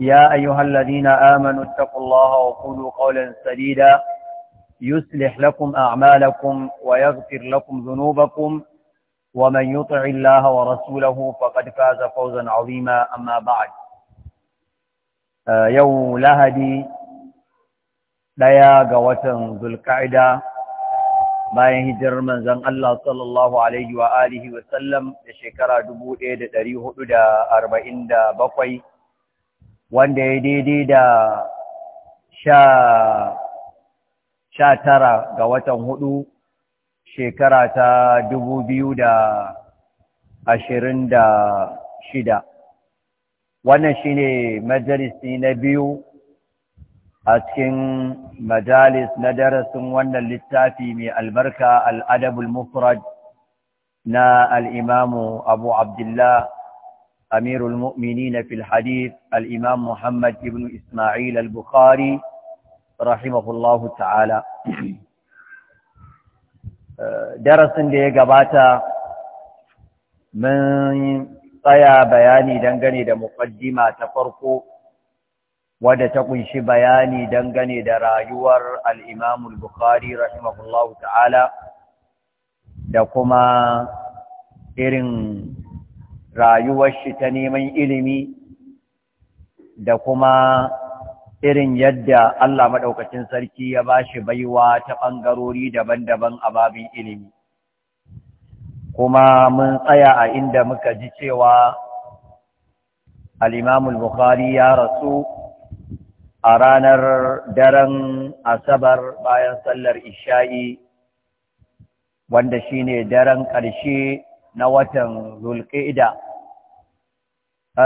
يا أيها الذين آمنوا اتقوا الله وقولوا قولا سديدا يصلح لكم أعمالكم ويغفر لكم ذنوبكم ومن يطع الله ورسوله فقد فاز فوزا عظيما أما بعد يو لهدي ليا قوة ذو القعدة bayan hijirar manzon Allah sallallahu alaihi wa alihi wa sallam da shekara 1447 wanda ya daidai da sha tara ga watan hudu shekara ta dubu biyu da ashirin da shida wannan shine majalisi na biyu a cikin majalis na darasin wannan littafi mai albarka al'adabul mufrad na al'imamu abu abdullah أمير المؤمنين في الحديث الإمام محمد بن إسماعيل البخاري رحمه الله تعالى درس دي قباتا من tsaya bayani dangane da muƙaddima ta farko wadda ta kunshi bayani dangane da rayuwar al'imamul Bukhari rahimahullahu ta'ala da kuma irin rayuwar shi ta neman ilimi da kuma irin yadda Allah maɗaukacin sarki ya ba shi baiwa ta ɓangarori daban-daban a babin ilimi. Kuma mun tsaya a inda muka ji cewa al'imamul Bukhari ya rasu a ranar daren Asabar bayan sallar Isha'i, wanda shi ne daren ƙarshe na watan Zulƙida.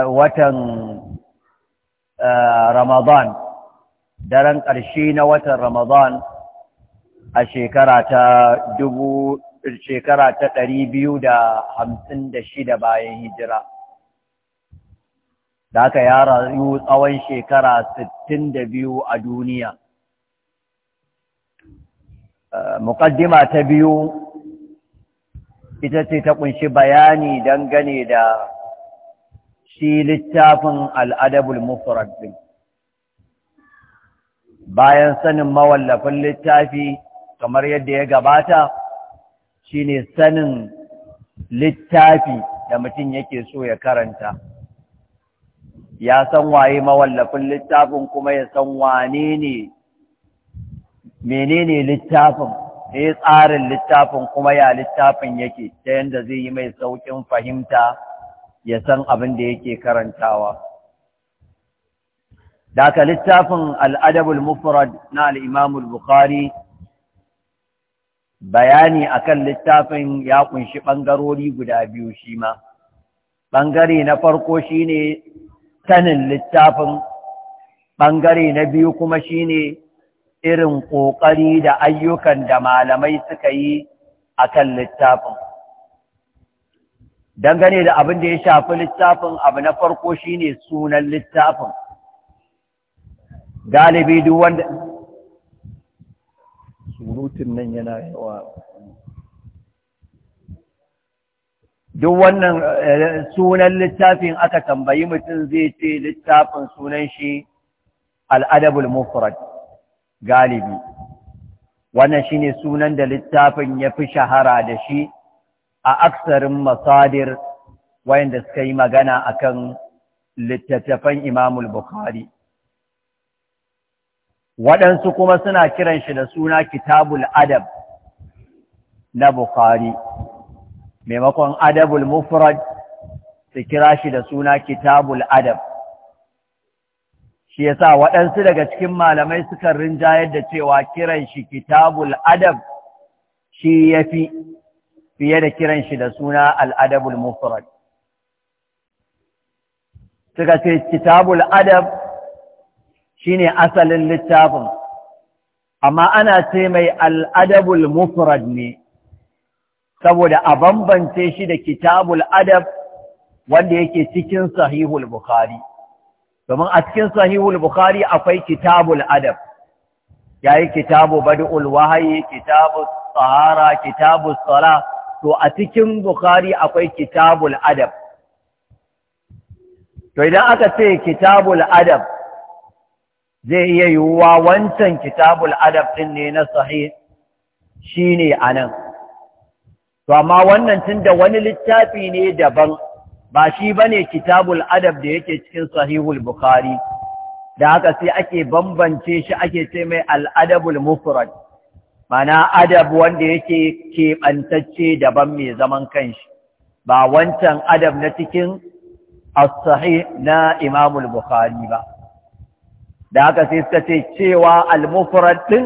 watan Ramadan daren ƙarshe na watan Ramadan a shekara ta dubu shekara ta ɗari biyu da hamsin da shida bayan hijira. Da aka ya rayu tsawon shekara sittin da biyu a duniya. Muƙaddima ta biyu ita ce ta ƙunshi bayani dangane da shi littafin al'adabul mufrad bayan sanin mawallafin littafi kamar yadda ya gabata shine sanin littafi da mutum yake so ya karanta ya san waye mawallafin littafin kuma ya san wane ne menene littafin ne tsarin littafin kuma ya littafin yake ta yadda zai yi mai saukin fahimta ya san abin da yake karantawa daga littafin al'adabul mufrad na al'imamul bukhari bayani akan littafin ya ƙunshi ɓangarori guda biyu shi ma ɓangare na farko shine tanin littafin ɓangare na biyu kuma shine irin ƙoƙari da ayyukan da malamai suka yi akan littafin dangane da abin da ya shafi littafin abu na farko shine sunan littafin galibi duk wanda surutun nan yana yawa duk wannan eh, sunan littafin aka tambayi mutum zai ce littafin sunan shi al'adabul mufrad galibi wannan shine sunan da littafin ya fi shahara da shi a aksarin masadir wayanda suka yi magana akan littattafan Imamul Bukhari. Waɗansu kuma suna kiran shi da suna Kitabul Adab na Bukhari, maimakon Adabul Mufrad su kira shi da suna Kitabul Adab. Shi yasa waɗansu daga cikin malamai sukan rinjayar da cewa kiran shi Kitabul Adab shi ya fi fiye da kiran shi da suna al'adabul mufrad suka ce kitabul adab shine asalin littafin amma ana ce mai al'adabul mufrad ne saboda a bambance shi da kitabul adab wanda yake cikin sahihul bukhari domin a cikin sahihul bukhari akwai kitabul adab yayi kitabu bad'ul wahayi kitabu Sahara, kitabu salah to a cikin Bukhari akwai kitabul adab. To idan aka ce kitabul adab zai iya yiwuwa wancan kitabul adab ɗin ne na sahih shi ne To amma wannan tun da wani littafi ne daban ba shi bane kitabul adab da yake cikin sahihul Bukhari, da haka sai ake bambance shi ake ce mai al'adabul mufrad. mana adab wanda yake keɓantacce daban mai zaman kanshi ba wancan adab na cikin as na Imamul al-Bukhari ba da haka sai suka ce cewa al ɗin don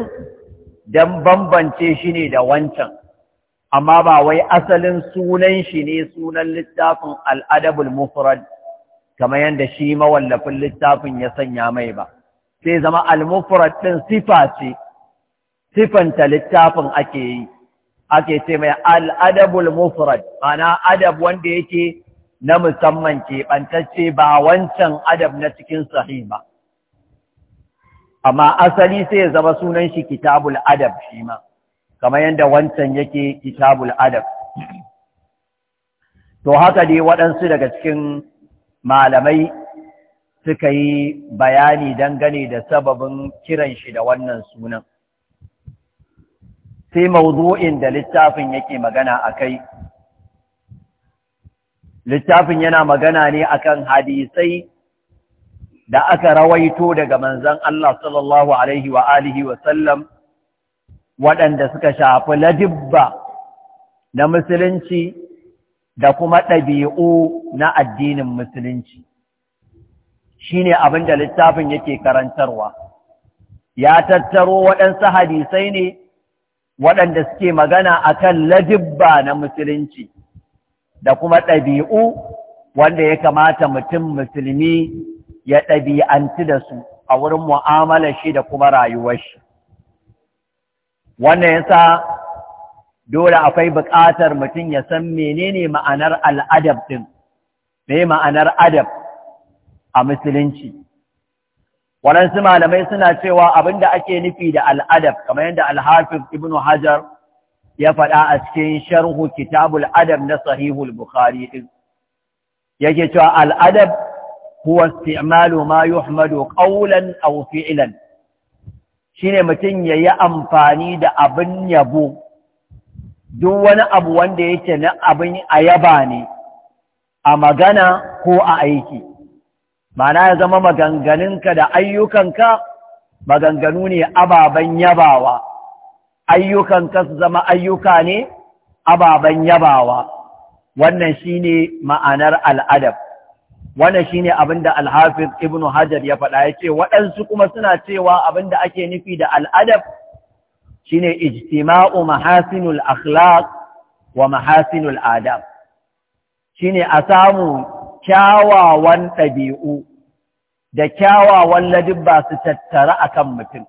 dan bambance shi ne da wancan amma ba wai asalin sunan shi ne sunan littafin al-adabul mufrad kamar yadda shi mawallafin littafin ya sanya mai ba sai zama al ɗin sifa ce sifanta littafin ake yi ake ce mai al'adabul mufrad mana adab wanda yake na musamman ke keɓantacce ba wancan adab na cikin sahi ba amma asali sai ya zama sunan shi kitabul adab shi ma kamar yadda wancan yake kitabul adab to haka dai waɗansu daga cikin malamai suka yi bayani dangane da sababin kiran shi da wannan sunan sai mawuzo’in da littafin yake magana a kai, littafin yana magana ne akan hadisai da aka rawaito daga manzan Allah sallallahu alaihi wa alihi wa sallam waɗanda suka shafi ladibba na musulunci da kuma ɗabi'u na addinin musulunci Shi ne abin da littafin yake karantarwa ya tattaro waɗansu hadisai ne waɗanda suke magana a kan ladibba na musulunci da kuma ɗabi'u wanda ya kamata mutum musulmi ya ɗabi'anci da su a wurin mu'amala shi da kuma rayuwar shi wannan yasa dole akwai buƙatar mutum ya san menene ma'anar al'adab ɗin me ma'anar adab a musulunci waɗansu malamai suna cewa abinda ake nufi da al'adab kamar yadda alhafiz ibn hajar ya faɗa a cikin sharhu kitabul adab na sahihul bukhari din yake cewa al'adab huwa isti'malu ma yuhmadu qawlan aw fi'lan shine mutum yayi amfani da abin yabo duk wani abu wanda yake na abin a yaba ne a magana ko a aiki ma'ana ya zama maganganunka da ayyukanka maganganu ne ababen yabawa ayyukanka su zama ayyuka ne ababen yabawa wannan shine ma'anar al'adab wannan shine abinda al-hafiz ibn hajar ya faɗa yace waɗansu kuma suna cewa abinda ake nufi da al'adab shine ijtima'u mahasinul akhlaq wa mahasinul adab shine a samu kyawawan ɗabi'u da kyawawan ladibba su tattara a kan mutum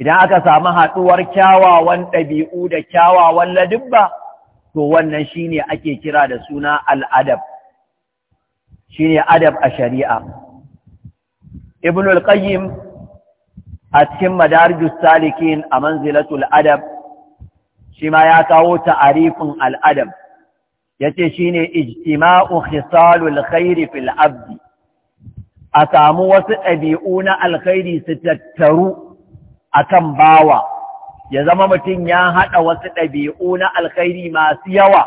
idan aka samu haɗuwar kyawawan ɗabi'u da kyawawan ladibba to wannan shine ake kira da suna al'adab shine adab a shari'a ibn al-qayyim a cikin madarijus Jussalikin a manzilatul adab shi ma ya kawo ta'arifin al'adab yace shine ijtima'u khisalul khairi fil abdi a samu wasu ɗabi'u na alkhairi su tattaru akan bawa ya zama mutum ya haɗa wasu ɗabi'u na alkhairi masu yawa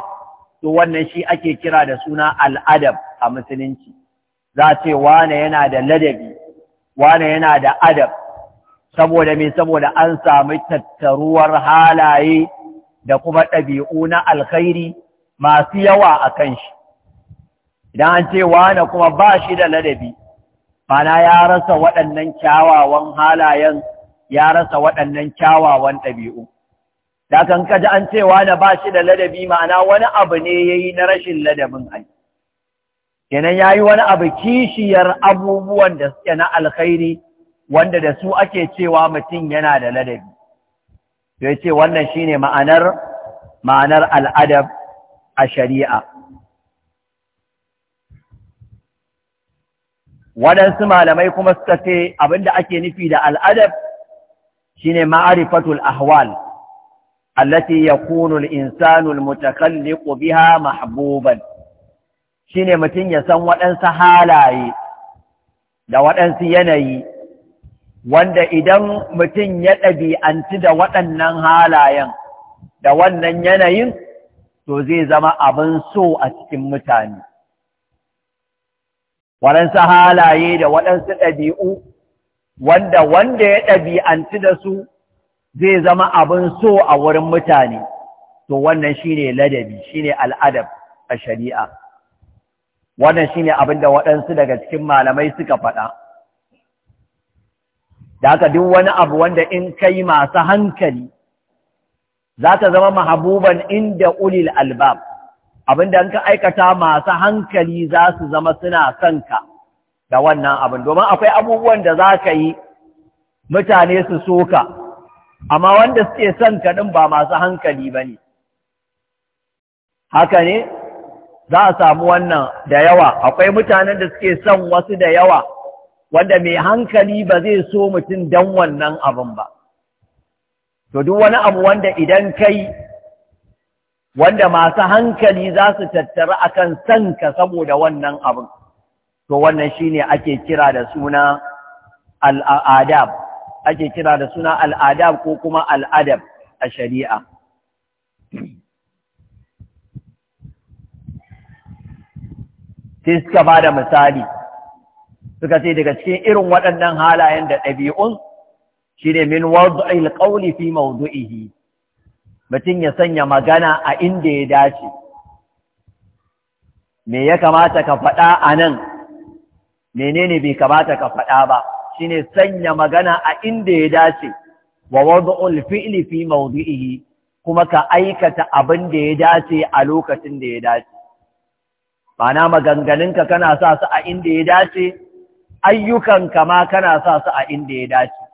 to wannan shi ake kira da suna al'adab a musulunci za ce wane yana da ladabi wane yana da adab saboda me saboda an samu tattaruwar halaye da kuma ɗabi'u na alkhairi masu yawa a kan shi idan an ce wane kuma ba shi da ladabi mana ya rasa waɗannan kyawawan halayen ya rasa waɗannan kyawawan ɗabi'u da kan kaji an ce wane ba shi da ladabi ma'ana wani abu ne ya yi na rashin ladabin ai kenan ya yi wani abu kishiyar abubuwan da suke na alkhairi wanda da su ake cewa mutum yana da ladabi ya ce wannan shi ne ma'anar al'adab a shari'a waɗansu malamai kuma suka ce da ake nufi da al'adab shine ma'arifatul ahwal allati yakunu al-insanu al biha mahbuban ne mutum ya san waɗansu halaye da waɗansu yanayi wanda idan mutum ya ɗabi'anci da waɗannan halayen da wannan yanayin to zai zama abin so a cikin mutane waɗansu halaye da waɗansu ɗabi'u wanda wanda ya ɗabi'anci da su zai zama abin so a wurin mutane to wannan shi ne ladabi shi ne al'adab a shari'a wannan ne abin da waɗansu daga cikin malamai suka faɗa da haka duk wani abu wanda in kai masu hankali za ta zama mahabuban inda ulil albab abinda ka aikata masu hankali za su zama suna son ka da wannan abin domin akwai abubuwan da za ka yi mutane su so ka amma wanda suke son ka ɗin ba masu hankali ba ne haka ne za a samu wannan da yawa akwai mutanen da suke son wasu da yawa wanda mai hankali ba zai so mutum don wannan abin ba to duk wani abu wanda idan kai wanda masu hankali za su tattara akan ka saboda wannan abin to wannan shi ne ake kira da suna al'adab ake kira da suna al'adab ko kuma al'adab a shari'a sai suka ba da misali suka ce daga cikin irin waɗannan halayen da ɗabi'un ne min wad'il qawli fi mawdu'ihi mutum ya sanya magana a inda ya dace me ya kamata ka faɗa a nan menene bai kamata ka faɗa ba ne sanya magana a inda ya dace wa wad'ul fi'li fi mawdu'ihi kuma ka aikata abin da ya dace a lokacin da ya dace ma'ana maganganunka kana sa su a inda ya dace ayyukanka ma kana sa su a inda ya dace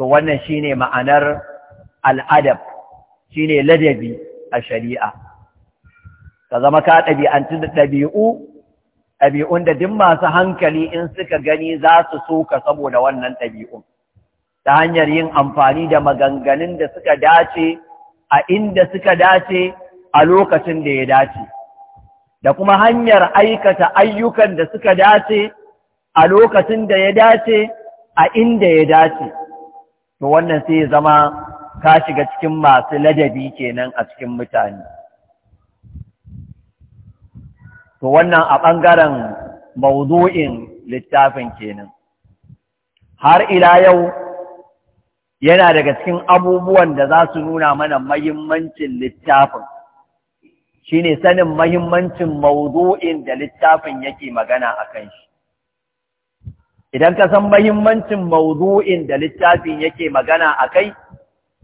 to wannan shine ma'anar al'adab shine ladabi a shari'a ka zama ka ɗabi'antu da ɗabi'u ɗabi'un da duk masu hankali in suka gani za su soka saboda wannan ɗabi'un ta hanyar yin amfani da maganganun da suka dace a inda suka dace a lokacin da ya dace da kuma hanyar aikata ayyukan da suka dace a lokacin da ya dace a inda ya dace to wannan sai ya zama ka shiga cikin masu ladabi kenan a cikin mutane to wannan a ɓangaren mawdu'in littafin kenan har ila yau yana daga cikin abubuwan da za su nuna mana mahimmancin littafin shine sanin mahimmancin mawdu'in da littafin yake magana a kan shi idan ka san mahimmancin mawudu'in da littafin yake magana a kai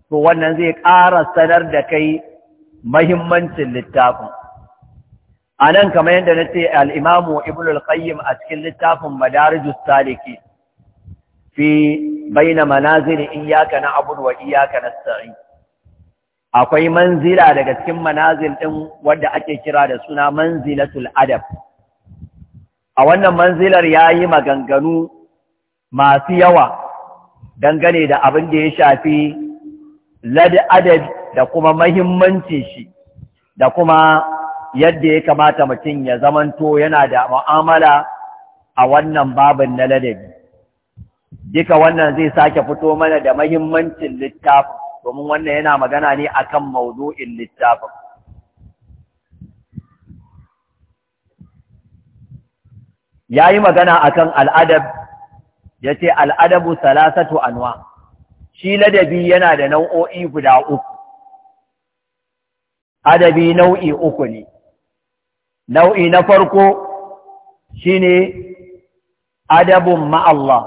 to wannan zai ƙara sanar da kai mahimmancin littafin a nan kamar yadda na ce al'imamu ibn al-qayyim a cikin littafin madarijus taliki fi baina manazili iyaka na abu wa iyaka na sa'i akwai manzila daga cikin manazil ɗin wadda ake kira da suna manzilatul adab a wannan manzilar ya yi maganganu masu yawa dangane da abin da ya shafi adad da kuma mahimmancin shi da kuma yadda ya kamata mutum ya zamanto yana da mu'amala a wannan babin na ladabi duka wannan zai sake fito mana da mahimmancin littafin domin wannan yana magana ne akan mawdu'in littafin ya yi magana akan al'adab ya ce al'adabu salasatu anwa shi ladabi yana da nau'o'i guda uku adabi nau'i uku ne nau'i na farko shi ne adabun ma'allah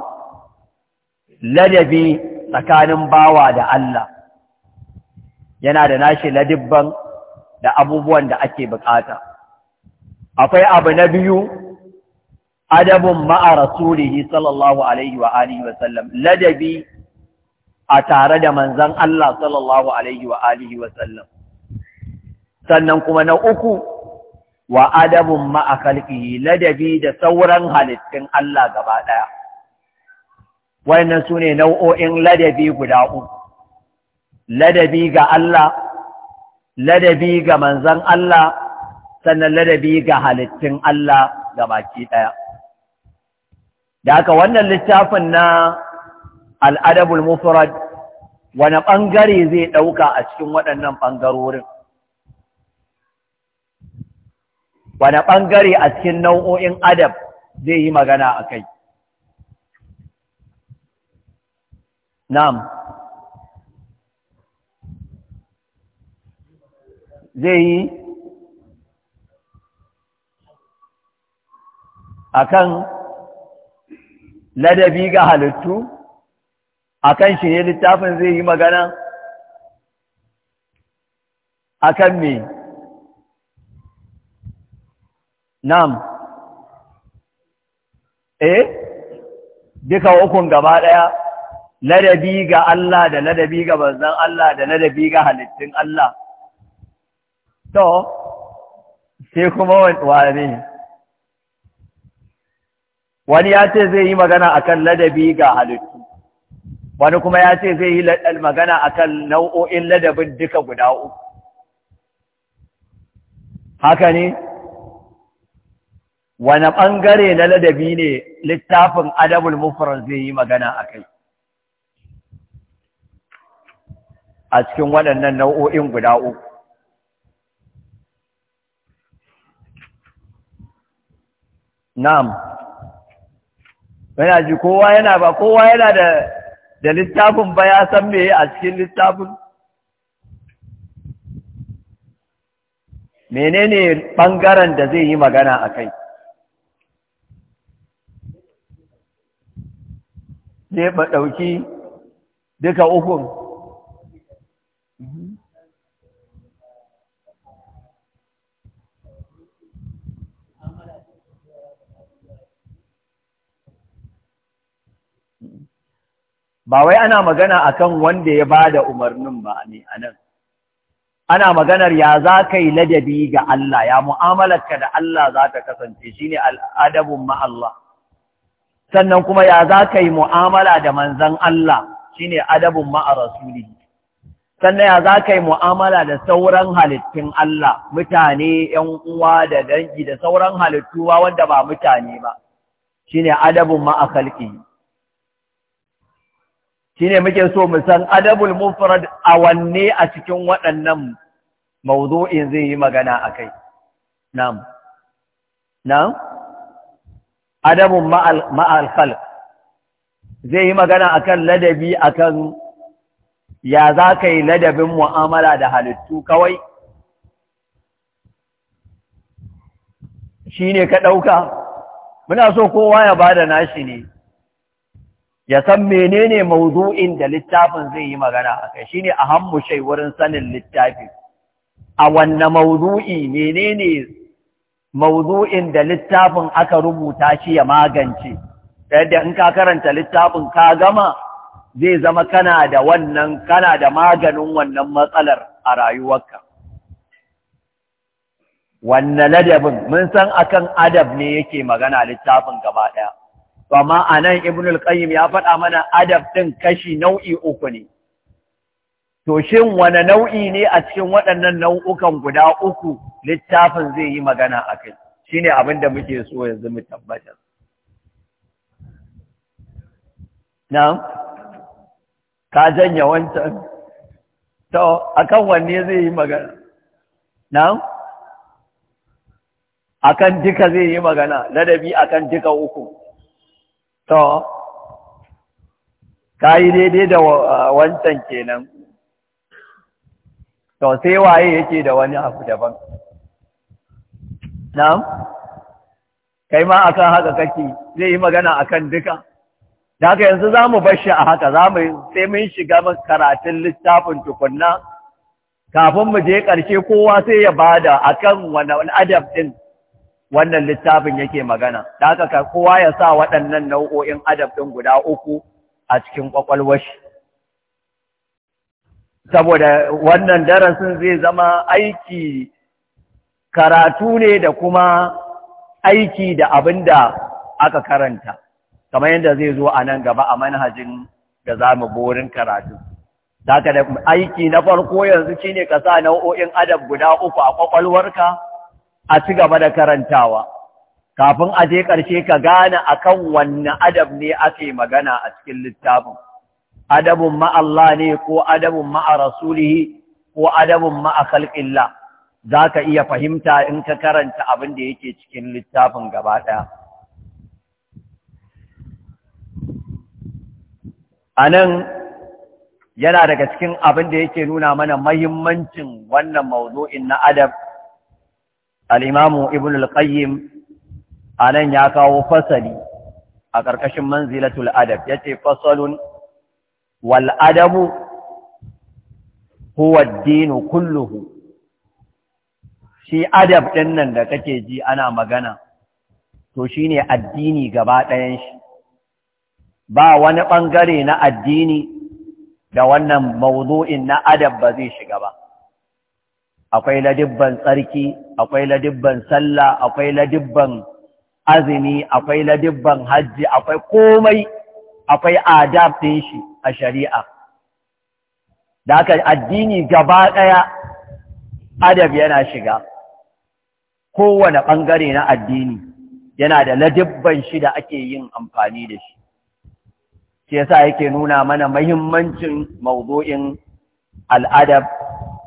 ladabi tsakanin bawa da Allah yana da nashi ladibban da abubuwan da ake bukata akwai abu na biyu adabun ma'a rasulihi sallallahu alaihi wa alihi wa sallam ladabi a tare da manzan Allah sallallahu alaihi wa alihi wa sallam sannan kuma na uku wa adabun ma'a khalqihi ladabi da sauran halittun Allah gaba ɗaya. wayannan sune nau'o'in ladabi guda uku ladabi ga Allah ladabi ga manzan Allah sannan ladabi ga halittun Allah gabaki ɗaya. da haka wannan littafin na al'adabul mufrad wani ɓangare zai ɗauka a cikin waɗannan ɓangarorin wani ɓangare a cikin nau'o'in adab zai yi magana a kai na'am zai yi a ladabi ga halittu a kan shi ne littafin zai yi magana a kan me nam eh duka ukun gaba daya ladabi ga Allah da ladabi ga banzan Allah da ladabi ga halittun Allah to sai kuma wane ne wani ya ce zai yi magana akan ladabi ga halittu wani kuma ya ce zai yi magana akan nau'o'in ladabin duka guda uku haka ne wani ɓangare na ladabi ne littafin adabul mufran zai yi magana a kai a cikin waɗannan nau'o'in guda uku na'am yana ji kowa yana ba kowa yana da littafin ba ya san me a cikin littafin menene ɓangaren da zai yi magana a kai zai ba ɗauki duka ukun ba wai ana magana akan wanda ya bada umarnin ba ne anan ana maganar ya za ka yi ladabi ga Allah ya mu'amalarka da Allah za ta kasance shine al'adabun ma Allah sannan kuma ya za ka yi mu'amala da manzan Allah shine adabun ma'a rasuli sannan ya za ka yi mu'amala da sauran halittun Allah mutane ‘yan uwa da dangi da sauran halittuwa wanda ba mutane ba shi ne adabin a Shi ne muke so mu san adabul mufrad awanne a cikin waɗannan mawdu'in zai yi magana akai na'am na'am adabun ma'al khalq zai yi magana akan ladabi akan ya za ka yi ladabin mu'amala da halittu kawai shi ne ka ɗauka muna so kowa ya bada nashi ne ya san menene mawdu'in da littafin zai yi magana a kai shine hannu shai wurin sanin littafi a wanne mawdu'i menene mawdu'in da littafin aka rubuta shi ya magance yadda in ka karanta littafin ka gama zai zama kana da wannan kana da maganin wannan matsalar a rayuwarka wannan ladabin mun san akan adab ne yake magana littafin gaba ɗaya to amma Ibn al qayyim ya faɗa mana adab ɗin kashi nau'i uku ne to shin wane nau'i ne a cikin waɗannan nau'ukan guda uku littafin zai yi magana a shi ne abin da muke so yanzu mu tabbatar Na, ka janya wancan to kan wanne zai yi magana a kan duka zai yi magana ladabi a kan duka uku to ka yi daidai da wancan kenan to sai waye yake da wani abu daban na'am kai ma akan haka kake zai yi magana akan duka da haka yanzu za mu shi a haka za mu sai mun shiga karatun littafin tukunna kafin mu je ƙarshe kowa sai ya bada akan wani adab ɗin wannan littafin yake magana da ka kowa ya sa waɗannan nau'o'in adab ɗin guda uku a cikin ƙwaƙwalwar shi saboda wannan darasin zai zama aiki karatu ne da kuma aiki da abin da aka karanta kamar yadda zai zo a nan gaba a manhajin da za mu borin karatu da aiki na farko yanzu shine ka sa nau'o'in adab guda uku a ƙwaƙwalwarka a ci gaba da karantawa kafin a je ƙarshe ka gane akan wanne adab ne ake magana a cikin littafin adabun Allah ne ko adabun ma'a rasulihi ko adabun ma'a khalqillah za ka iya fahimta in ka karanta abin da yake cikin littafin gaba ɗaya Anan, yana daga cikin abin da yake nuna mana mahimmancin wannan mawuzo'in na adab al'imamu ibn al-qayyim a nan ya kawo fasali a ƙarƙashin manzilatul adab ya ce fasalun wal'adabu huwa dinu kulluhu shi adab ɗin nan da kake ji ana magana to shi ne addini gaba ɗayan shi ba wani ɓangare na addini da wannan mawuzo'in na adab ba zai shiga ba akwai ladibban tsarki akwai ladibban sallah akwai ladibban azumi akwai ladibban hajji akwai komai akwai adab ɗin shi a shari'a da haka addini gaba ɗaya adab yana shiga kowane ɓangare na addini yana da ladibban shi da ake yin amfani da shi shi yasa yake nuna mana mahimmancin mawdu'in al'adab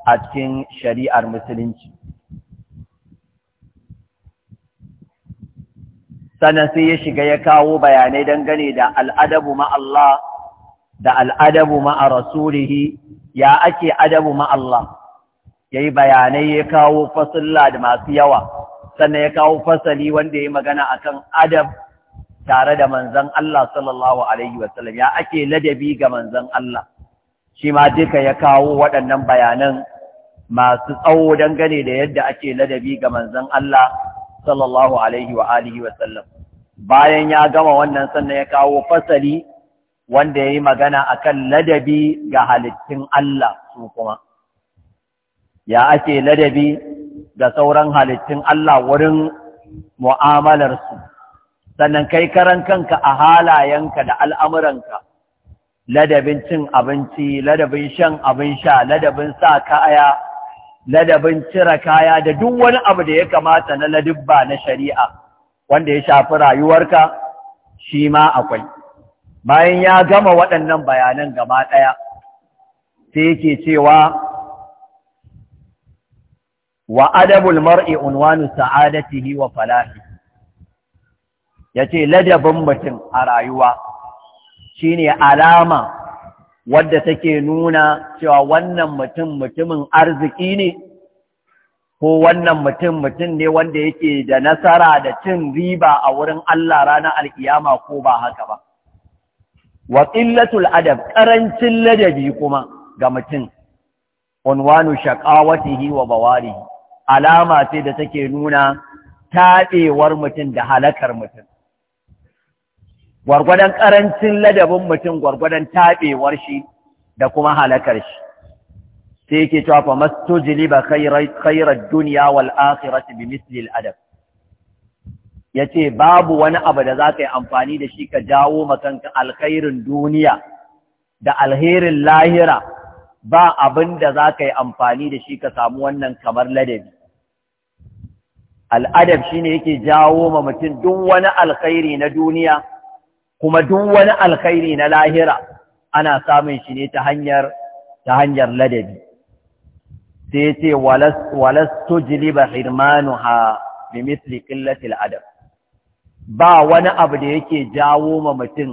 a cikin shari'ar musulunci sannan sai ya shiga ya kawo bayanai dangane da al'adabu ma da al'adabu ma’arasurihi a ya ake adabu ma ya yi bayanai ya kawo fasilla da masu yawa sannan ya kawo fasali wanda ya magana a kan adab tare da manzan Allah sallallahu Alaihi wasallam ya ake ladabi ga manzan Allah shi ma duka ya kawo waɗannan bayanan masu tsawo dangane da yadda ake ladabi ga manzon Allah sallallahu alaihi wa alihi wa sallam bayan ya gama wannan sannan ya kawo fasali wanda yayi magana akan ladabi ga halittun Allah su kuma ya ake ladabi ga sauran halittun Allah wurin mu'amalarsu sannan kai karan kanka a halayenka da al'amuranka ladabin cin abinci ladabin shan abin sha ladabin sa kaya ladabin cire kaya da duk wani abu da ya kamata na ladubba na shari'a wanda ya shafi rayuwarka shi ma akwai bayan ya gama waɗannan bayanan gaba ɗaya sai yake cewa wa adabul mar'i unwanu sa'adatihi wa falahi yace ladabin mutum a rayuwa shine alama wadda take nuna cewa wannan mutum mutumin arziki ne ko wannan mutum mutum ne wanda yake da nasara da cin riba a wurin Allah ranar alkiyama ko ba haka ba wa adab ƙarancin ladabi kuma ga mutum unwanu shaƙawatihi wa bawari, alama ce da take nuna taɓewar mutum da halakar mutum gwargwadon ƙarancin ladabin mutum gwargwadon taɓewar shi da kuma halakar shi sai yake cewa fa ba khairar duniya wal akhirati bi adab ya ce babu wani abu da za ka yi amfani da shi ka jawo makanka alkhairin duniya da alherin lahira ba abin da za ka yi amfani da shi ka samu wannan kamar ladabi al'adab shi ne yake jawo ma mutum duk wani alkhairi na duniya kuma duk wani alkhairi na lahira ana samun shi ne ta hanyar ta hanyar ladabi sai ce walas tujliba hirmanuha bi mithli qillati al-adab ba wani abu da yake jawo ma mutum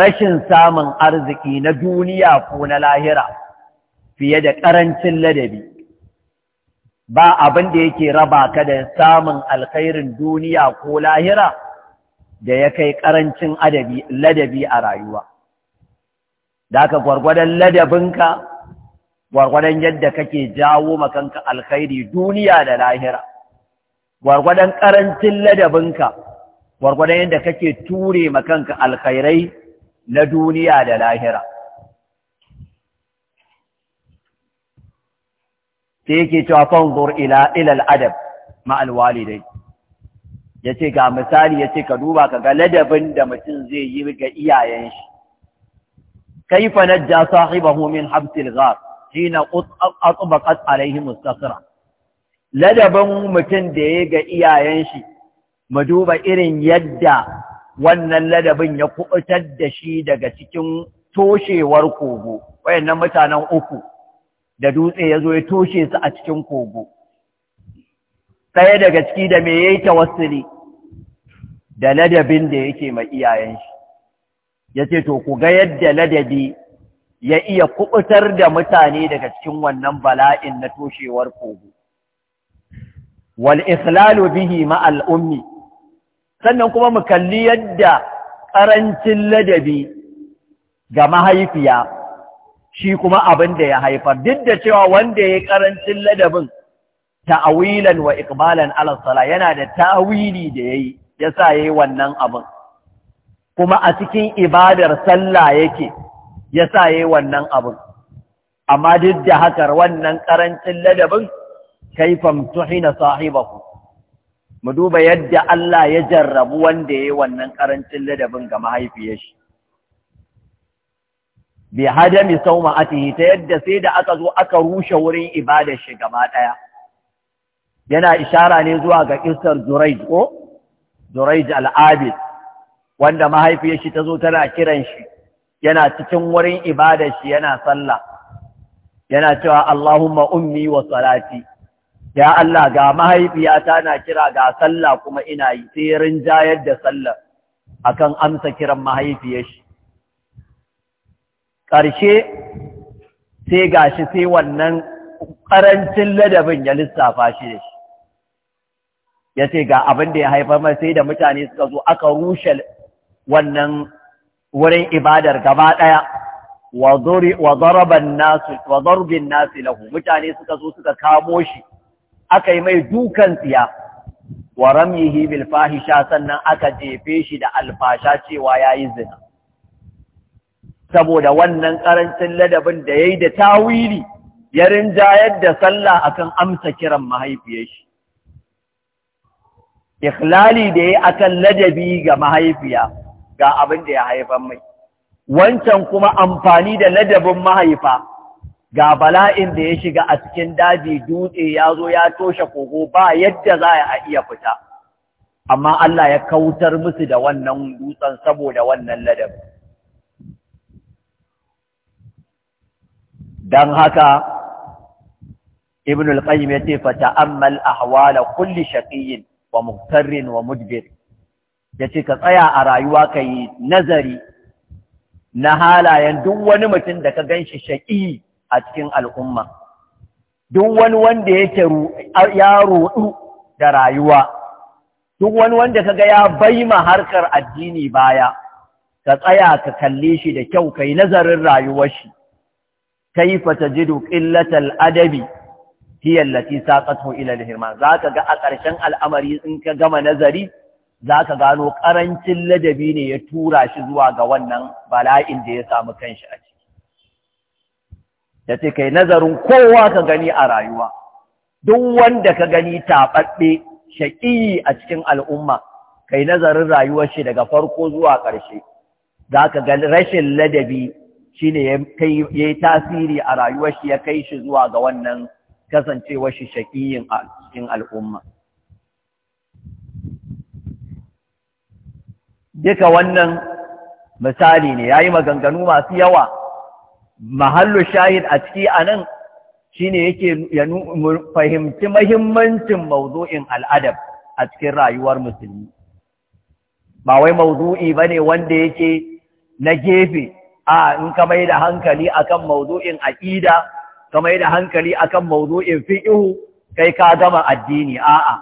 rashin samun arziki na duniya ko na lahira fiye da ƙarancin ladabi ba abin da yake raba ka da samun alkhairin duniya ko lahira da ya kai ƙarancin ladabi a rayuwa. Da aka gwargwadon ladabinka, gwargwadon yadda kake jawo makanka alkhairi duniya da lahira, gwargwadon ƙarancin ladabinka, gwargwadon yadda kake ture makanka alkhairai na duniya da lahira. Sai yake cewa fanzur ila ilal adab ma'al walidai. ya ce ga misali ya ce ka duba ka ga ladabin da mutum zai yi ga iyayen shi kaifa najja sahibahu min habsil ghar hina atbaqat alaihi mustasira ladabin mutum da ya ga iyayen shi mu duba irin yadda wannan ladabin ya kubutar da shi daga cikin toshewar kogo wayannan mutanen uku da dutse ya zo ya toshe su a cikin kogo ɗaya daga ciki da me yayi tawassuli da ladabin da yake ma iyayen shi ya ce to ku ga yadda ladabi ya iya kubutar da mutane daga cikin wannan bala'in na toshewar kogo wal islalu bihi ma al sannan kuma mu kalli yadda ƙarancin ladabi ga mahaifiya shi kuma abin da ya haifar duk da cewa wanda ya yi ƙarancin ladabin ta'awilan wa ikbalan ala sala yana da ta'awili da ya yi. ya sa ya yi wannan abin kuma a cikin ibadar sallah yake ya sa ya yi wannan abin amma duk da haka wannan ƙarancin ladabin kaifam sahiba ku. mu duba yadda Allah ya jarrabu wanda ya yi wannan ƙarancin ladabin ga mahaifiye shi bi sau ma'atihi ta yadda sai da aka zo aka rushe wurin ibadar shi gaba ɗaya yana ishara ne zuwa ga isar zurai ko Zuraij al'abid wanda mahaifiyar shi ta zo tana kiran shi yana cikin wurin ibadar shi yana sallah yana cewa Allahumma ummi wa salati ya Allah ga mahaifiyata na kira ga sallah kuma ina yi sai rinjayar da sallah akan amsa kiran mahaifiyar shi ƙarshe sai gashi sai wannan ƙarancin ladabin ya lissafa shi da shi ya ce ga abin da ya haifar mai sai da mutane suka zo aka rushe wannan wurin ibadar gaba ɗaya wa zaraban nasu wa zarbin nasu lahu mutane suka zo suka kamo shi aka yi mai dukan tsiya wa ramyihi bil fahisha sannan aka jefe shi da alfasha cewa ya yi zina saboda wannan karancin ladabin da ya yi da tawili ya rinjayar da sallah akan amsa kiran mahaifiyar ikhlali da ya akan ladabi ga mahaifiya ga abin da ya haifan mai wancan kuma amfani da ladabin mahaifa ga bala'in da ya shiga a cikin daji dutse ya zo ya toshe kogo ba yadda za a iya fita amma Allah ya kautar musu da wannan dutsen saboda wannan ladabi. don haka ibn al-qayyim yace fa ta'ammal ahwala kulli shaqiyyin wa muktarin wa mudbir ya ce ka tsaya a rayuwa ka yi nazari na halayen duk wani mutum da ka gan shi shaƙi a cikin al'umma duk wani wanda yake ya ruɗu da rayuwa duk wani wanda ka ga ya baima harkar addini baya ka tsaya ka kalle shi da kyau ka yi nazarin rayuwar shi fata jidu ƙillatar adabi hiya allati saqathu ila al-hirman zaka ga a ƙarshen al'amari in ka gama nazari zaka gano ƙarancin ladabi ne ya tura shi zuwa ga wannan bala'in da ya samu kanshi a ciki yace kai nazarin kowa ka gani a rayuwa duk wanda ka gani taɓaɓɓe shaƙi a cikin al'umma kai nazarin rayuwar shi daga farko zuwa ƙarshe za ka ga rashin ladabi shi ne ya yi tasiri a rayuwar shi ya kai shi zuwa ga wannan kasancewar shi shaƙiyin a cikin al'umma. Duka wannan misali ne, ya yi maganganu masu yawa, mahallu shahid a ciki a nan shi ne yake fahimci mahimmancin mawzu’in al'adab a cikin rayuwar musulmi. Ba wai mawzu’i ba ne wanda yake na gefe, a in ka mai da hankali akan mawzu’in aƙida. ka mai da hankali akan mawdu'in fiqhu kai ka gama addini a'a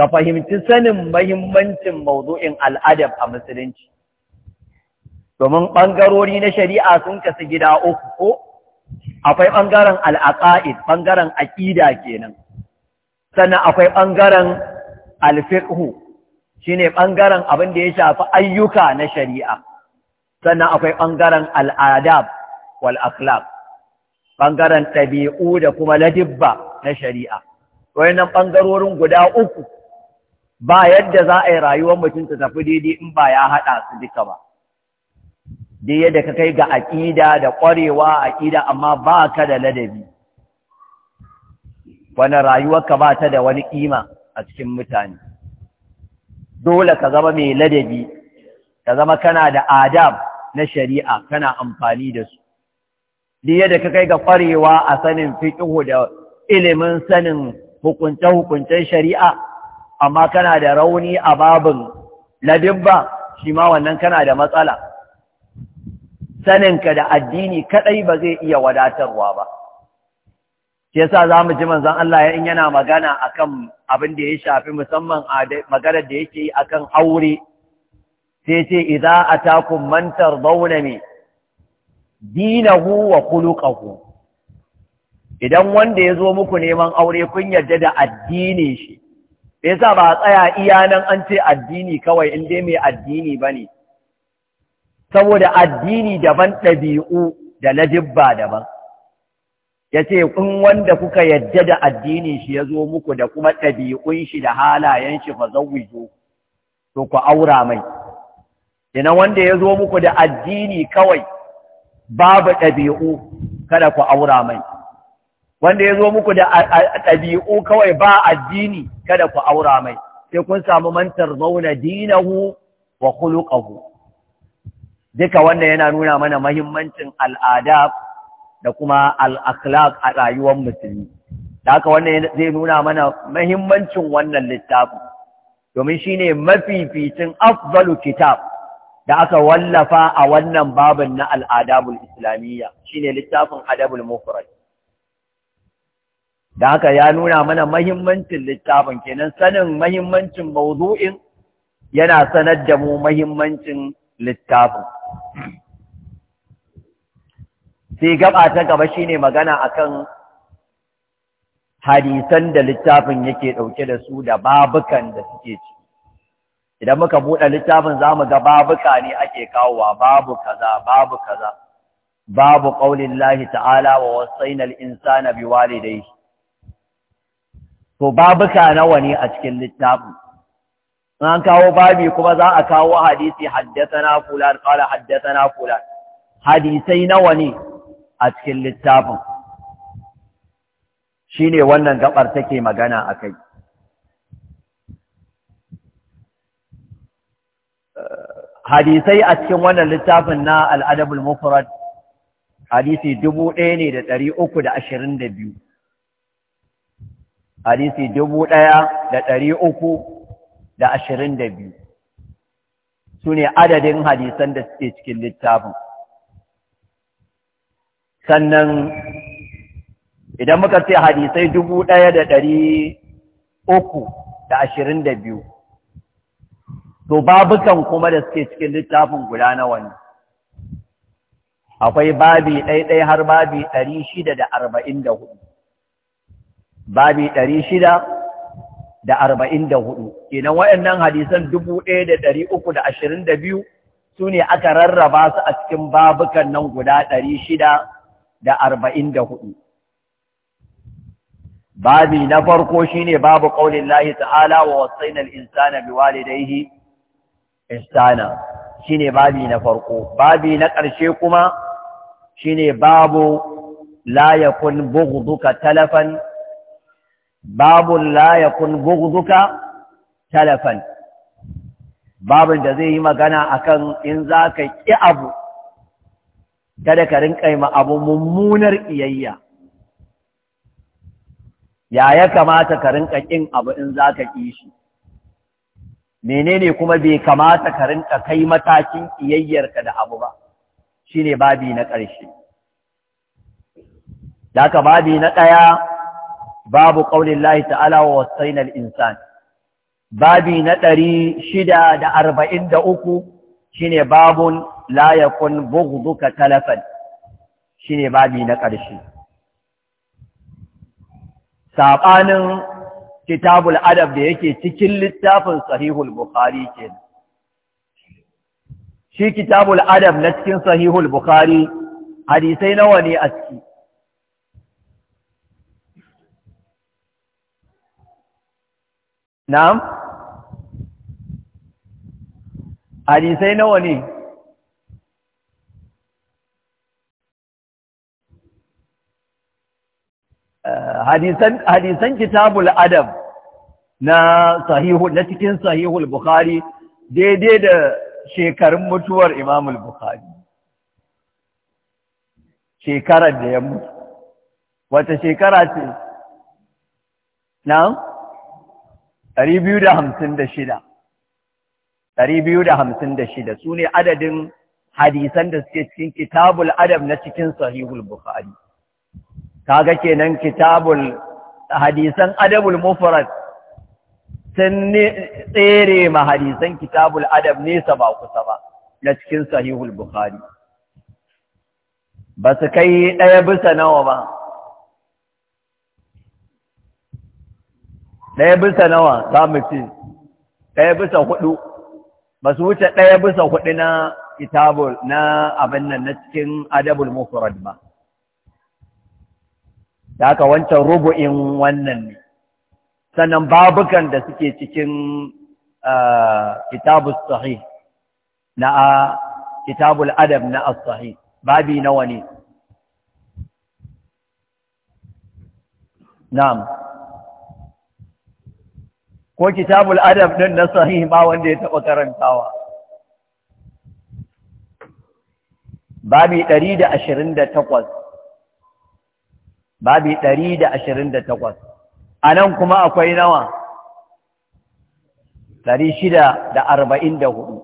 ka fahimci sanin mahimmancin in al'adab a musulunci domin ɓangarori na shari'a sun kasu gida uku ko akwai bangaren al'aqaid bangaren aƙida kenan sannan akwai ɓangaren al shi ne ɓangaren abin da ya shafi ayyuka na shari'a sannan akwai ɓangaren al'adab wal akhlaq ɓangaren ɗabi'u da kuma ladibba na shari'a. nan ɓangarorin guda uku ba yadda za a yi rayuwar mutum ta tafi daidai in ba ya haɗa su duka ba. Dai yadda ka kai ga aƙida da ƙwarewa aƙida amma ba ka da ladabi. Wani rayuwarka ba ta da wani ƙima a cikin mutane. Dole ka zama mai ladabi, ka zama kana da adab na shari'a kana amfani da su. diya da ka kai ga kwarewa a sanin fiƙihu da ilimin sanin hukunce-hukuncen shari'a amma kana da rauni a babin labibba shi ma wannan kana da matsala saninka da addini kaɗai ba zai iya wadatarwa ba shi yasa za mu ji manzon Allah ya in yana magana akan abin da ya shafi musamman a maganar da yake yi akan aure sai ce idza atakum man tardawna min dinahu wa khuluquhu idan wanda ya zo muku neman aure kun yarda da addinin shi yasa ba a tsaya iya nan an ce addini kawai in dai mai addini ba ne? saboda addini daban ɗabi'u da ladibba daban ce in wanda kuka yadda da addini shi ya zo muku da kuma ɗabi'un shi da halayen shi fa zawwiju to ku aura mai ina wanda ya zo muku da addini kawai babu ɗabi'u kada ku aura mai wanda ya zo muku da ɗabi'u kawai ba addini kada ku aura mai sai kun samu mantar zauna dinahu wa kulukahu duka wanda yana nuna mana mahimmancin al'ada da kuma al'akhlaq a rayuwar musulmi da haka wannan zai nuna mana mahimmancin wannan littafin domin shine mafificin afdalu kitab da aka wallafa a wannan babin na al'adabul islamiyya shine littafin adabul mufrad da haka ya nuna mana mahimmancin littafin kenan sanin mahimmancin mawdu'in yana sanar da mu mahimmancin littafin sai gaba ta gaba shine magana akan hadisan da littafin yake ɗauke da su da babukan da suke ci idan muka buɗe littafin za mu ga babuka ne ake kawowa babu kaza babu kaza babu ƙaunin lahi ta'ala wa wasainal insana bi walidai to babuka nawa ne a cikin littafin an kawo babi kuma za a kawo hadisi haddatana fulan qala haddatana fulan hadisai nawa ne a cikin littafin shine wannan gabar take magana akai hadisai a cikin wannan littafin na al'adabul mufrad hadisi dubu ɗaya ne da ɗari uku da ashirin da biyu hadisi dubu ɗaya da ɗari uku da ashirin da biyu su ne adadin hadisan da suke cikin littafin sannan idan muka ce hadisai dubu ɗaya da ɗari uku da ashirin da biyu to babukan kuma da suke cikin littafin guda na wani, akwai babi ɗaiɗai har babi ɗari shida da arba'in da hudu babi ɗari shida da arba'in da hudu kenan waɗannan hadisan dubu ɗaya da ɗari uku da ashirin da biyu su ne aka rarraba su a cikin babukan nan guda ɗari shida da arba'in da hudu babi na farko shine babu ƙaunin lahi ta'ala wa wasainal insana walidaihi ihsana shine babi na farko babi na ƙarshe kuma shine babu la yakun bughduka talafan babu la yakun bughduka talafan babin da zai yi magana akan in za ka ƙi abu kada ka rinƙa ma abu mummunar iyayya. ya ya kamata ka rinƙa ƙin abu in za ka ƙi shi menene kuma bai kamata ka rinka kai matakin kiyayyarka da abu ba shine babi na ƙarshe daga babi na ɗaya babu ƙaunin lahi ta'ala wa wasainal insan babi na ɗari shida da arba'in da uku shine babun la yakun talafan shine babi na ƙarshe saɓanin kitabul adab da yake cikin littafin sahihul bukhari ke shi kitabul adab na cikin sahihul bukhari hadisai nawa ne a ciki na'am hadisai nawa ne hadisan kitabul adab na sahihu na cikin sahihul bukhari daidai da shekarun mutuwar imamul bukhari shekarar da ya mutu wata shekara ce na 256 256 su ne adadin hadisan da suke cikin kitabul adab na cikin sahihul bukhari kaga kenan kitabul hadisan adabul mufrad sun tsere ma hadisan kitabul adab nesa ba kusa ba na cikin sahihul bukhari ba su kai ɗaya bisa nawa ba ɗaya bisa nawa samu ce ɗaya bisa hudu ba su wuce ɗaya bisa hudu na kitabul na abin nan na cikin adabul mufrad ba da haka wancan rubu'in wannan ne sannan babukan da suke cikin ah, kitabu sahih na kitabul adab na as-sahih babi nawa ne na'am ko kitabul adab din na sahih ba wanda ya taba karantawa babi 128 babi ɗari da ashirin da takwas a nan kuma akwai nawa ɗari shida da arba'in da hudu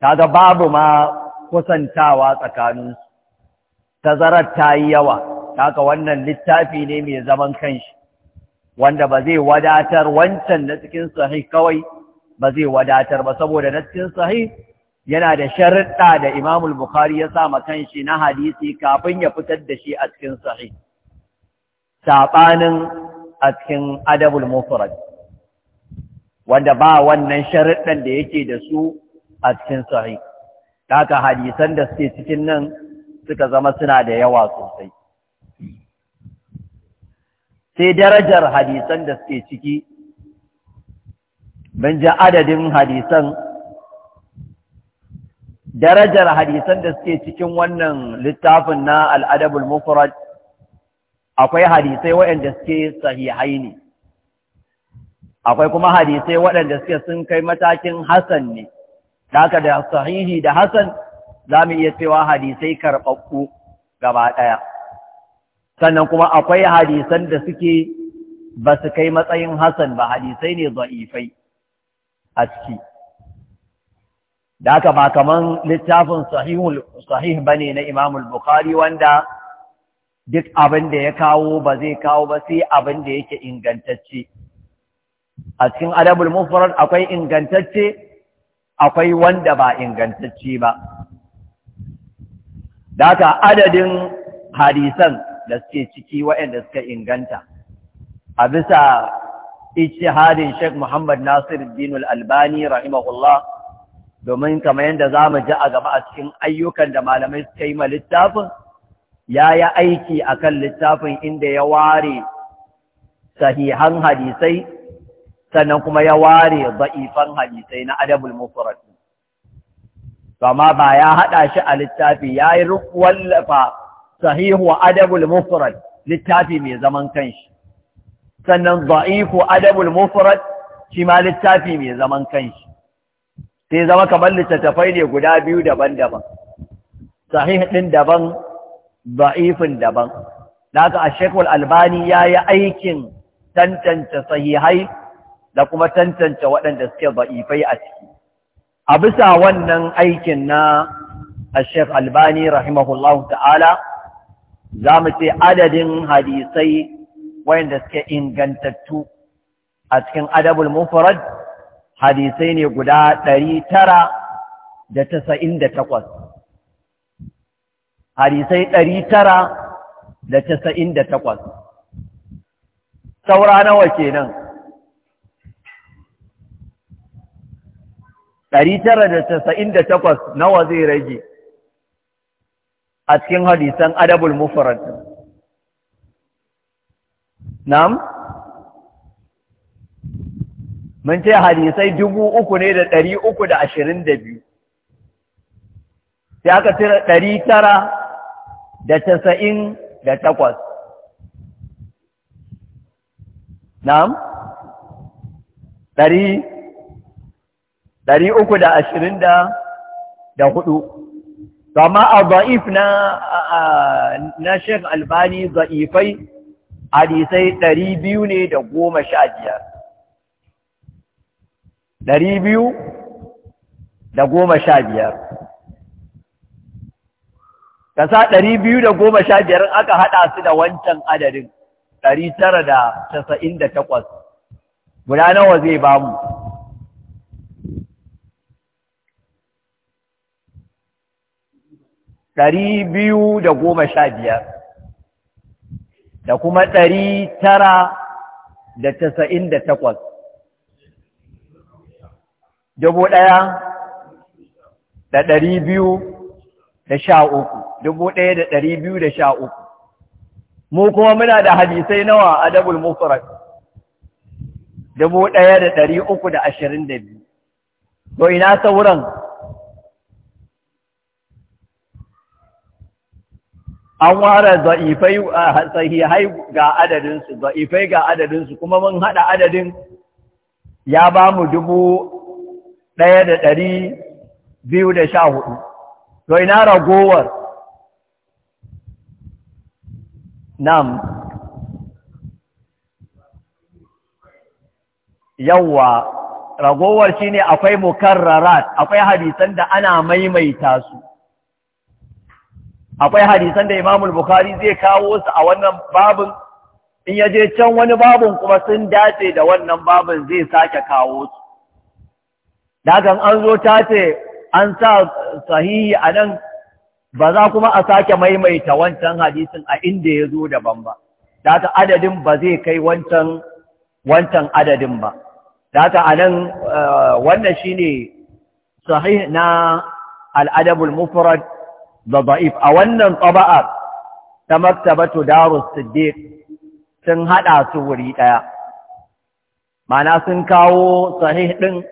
kaga babu ma kusantawa tsakanin tazarar ta yi yawa kaga wannan littafi ne mai zaman kanshi wanda ba zai wadatar wancan na cikin sahih kawai ba zai wadatar ba saboda na cikin sahih yana da sharuɗa da Imamul Bukhari ya sa ma kanshi na hadisi kafin ya fitar da shi a cikin sahih saɓanin a cikin adabul mufrad wanda ba wannan sharuɗan da yake da su a cikin sahi haka hadisan da suke cikin nan suka zama suna da yawa sosai sai darajar hadisan da suke ciki mun ji adadin hadisan darajar hadisan da suke cikin wannan littafin na al'adabul mufrad akwai hadisai waɗanda suke sahihai ne akwai kuma hadisai waɗanda suke sun kai matakin hasan ne aka da sahihi da Hassan, za mu iya cewa hadisai karɓaɓɓu gaba ɗaya sannan kuma akwai hadisan da suke ba su kai matsayin hasan ba hadisai ne za'ifai a ciki da aka ba kaman littafin sahih ba ne na imamul bukhari wanda duk abin da ya kawo ba zai kawo ba sai abin da yake ingantacce a cikin adabul mufarar akwai ingantacce akwai wanda ba ingantacce ba data adadin hadisan da suke ciki waɗanda suka inganta a bisa hadin Sheikh Muhammad Nasiruddin Al-Albani rahimahullah domin kamar yadda za mu ji a gaba a cikin ayyukan da malamai suka yi ma littafin ya yi aiki a kan littafin inda ya ware sahihan hadisai sannan kuma ya ware ba'ifan hadisai na adabul mufrad kama ba ya haɗa shi a littafi ya yi wallafa sahihu adabul mufrad littafi mai zaman kanshi sannan za'ifu adabul mufrad shi ma littafi mai zaman kanshi sai zama kamar littattafai ne guda biyu daban-daban sahih ɗin daban Ba'ifin daban daga a shekul albani ya yi aikin tantance sahihai da kuma tantance waɗanda suke ba'ifai a ciki a bisa wannan aikin na a albani rahimahullahu ta'ala za mu ce adadin hadisai wayanda suke ingantattu a cikin adabul mufarad hadisai ne guda ɗari tara da tasa'in da takwas hadisai ɗari tara da casa'in da takwas saura nawa kenan ɗari tara da casa'in da takwas nawa zai rage a cikin hadisan adabul mufarad nam mun ce hadisai dubu uku ne da ɗari uku da ashirin da biyu sai aka cire ɗari tara da tasa'in da takwas. Na'am? Ɗari, ɗari uku da ashirin da hudu. Sama a za'if na, na Sheikh Albani za'ifai hadisai ɗari biyu ne da goma sha biyar. Ɗari biyu da goma sha biyar. ka sa ɗari biyu da goma sha biyar aka haɗa su da wancan adadin ɗari tara da casa'in da takwas guda nawa zai ba mu ɗari biyu da goma sha biyar da kuma ɗari tara da casa'in da takwas dubu ɗaya da ɗari biyu da sha uku, dubu ɗaya da ɗari biyu da sha uku. Mu kuma muna da hadisai nawa a dabul mufrad dubu ɗaya da ɗari uku da ashirin da biyu. To ina sauran an ware za'ifai a sahihai ga adadinsu, za'ifai ga adadinsu kuma mun haɗa adadin ya ba mu dubu ɗaya da ɗari biyu da sha hudu. to ina ragowar nam yawa ragowar shine akwai mukarrarat akwai hadisan da ana maimaita su akwai hadisan da Imam Bukhari zai kawo su a wannan babin in yaje can wani babin kuma sun dace da wannan babin zai sake kawo su dagan an zo tace an sa sahihi a nan ba za kuma a sake maimaita wancan hadisin a inda ya zo daban ba da ta adadin ba zai kai wancan adadin ba da ta a nan eh, wannan shi ne sahih na al'adabul mufrad da za’if a wannan tsaba'a ta maktabatu darus siddiq sun haɗa su wuri ɗaya mana sun kawo sahih ɗin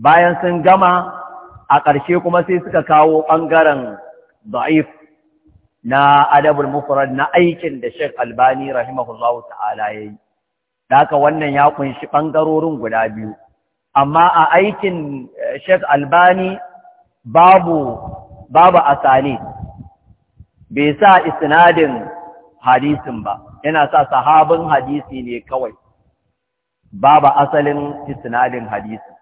bayan sun gama a ƙarshe kuma sai suka kawo ɓangaren da'if na adabul mufrad na aikin da Sheikh Albani rahimahullahu ta'ala yayi haka wannan ya kunshi ɓangarorin guda biyu amma a aikin eh, Sheikh Albani babu babu asali bai sa isnadin hadisin ba yana sa sahabin hadisi ne kawai babu asalin isnadin hadisi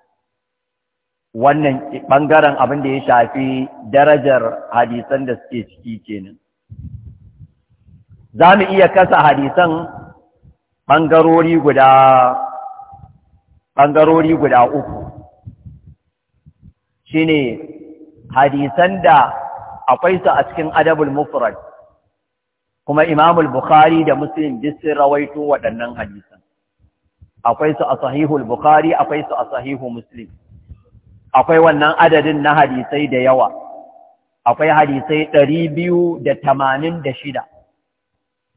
wannan bangaren abin da ya shafi darajar hadisan da suke ciki kenan za mu iya kasa hadisan ɓangarori guda ɓangarori guda uku shine hadisan da akwai su a cikin adabul mufrad kuma imamul bukhari da muslim duk sun rawaito waɗannan hadisan akwai su a sahihul bukhari akwai su a sahihul muslim akwai wannan adadin na hadisai da yawa akwai hadisai ɗari biyu da tamanin da shida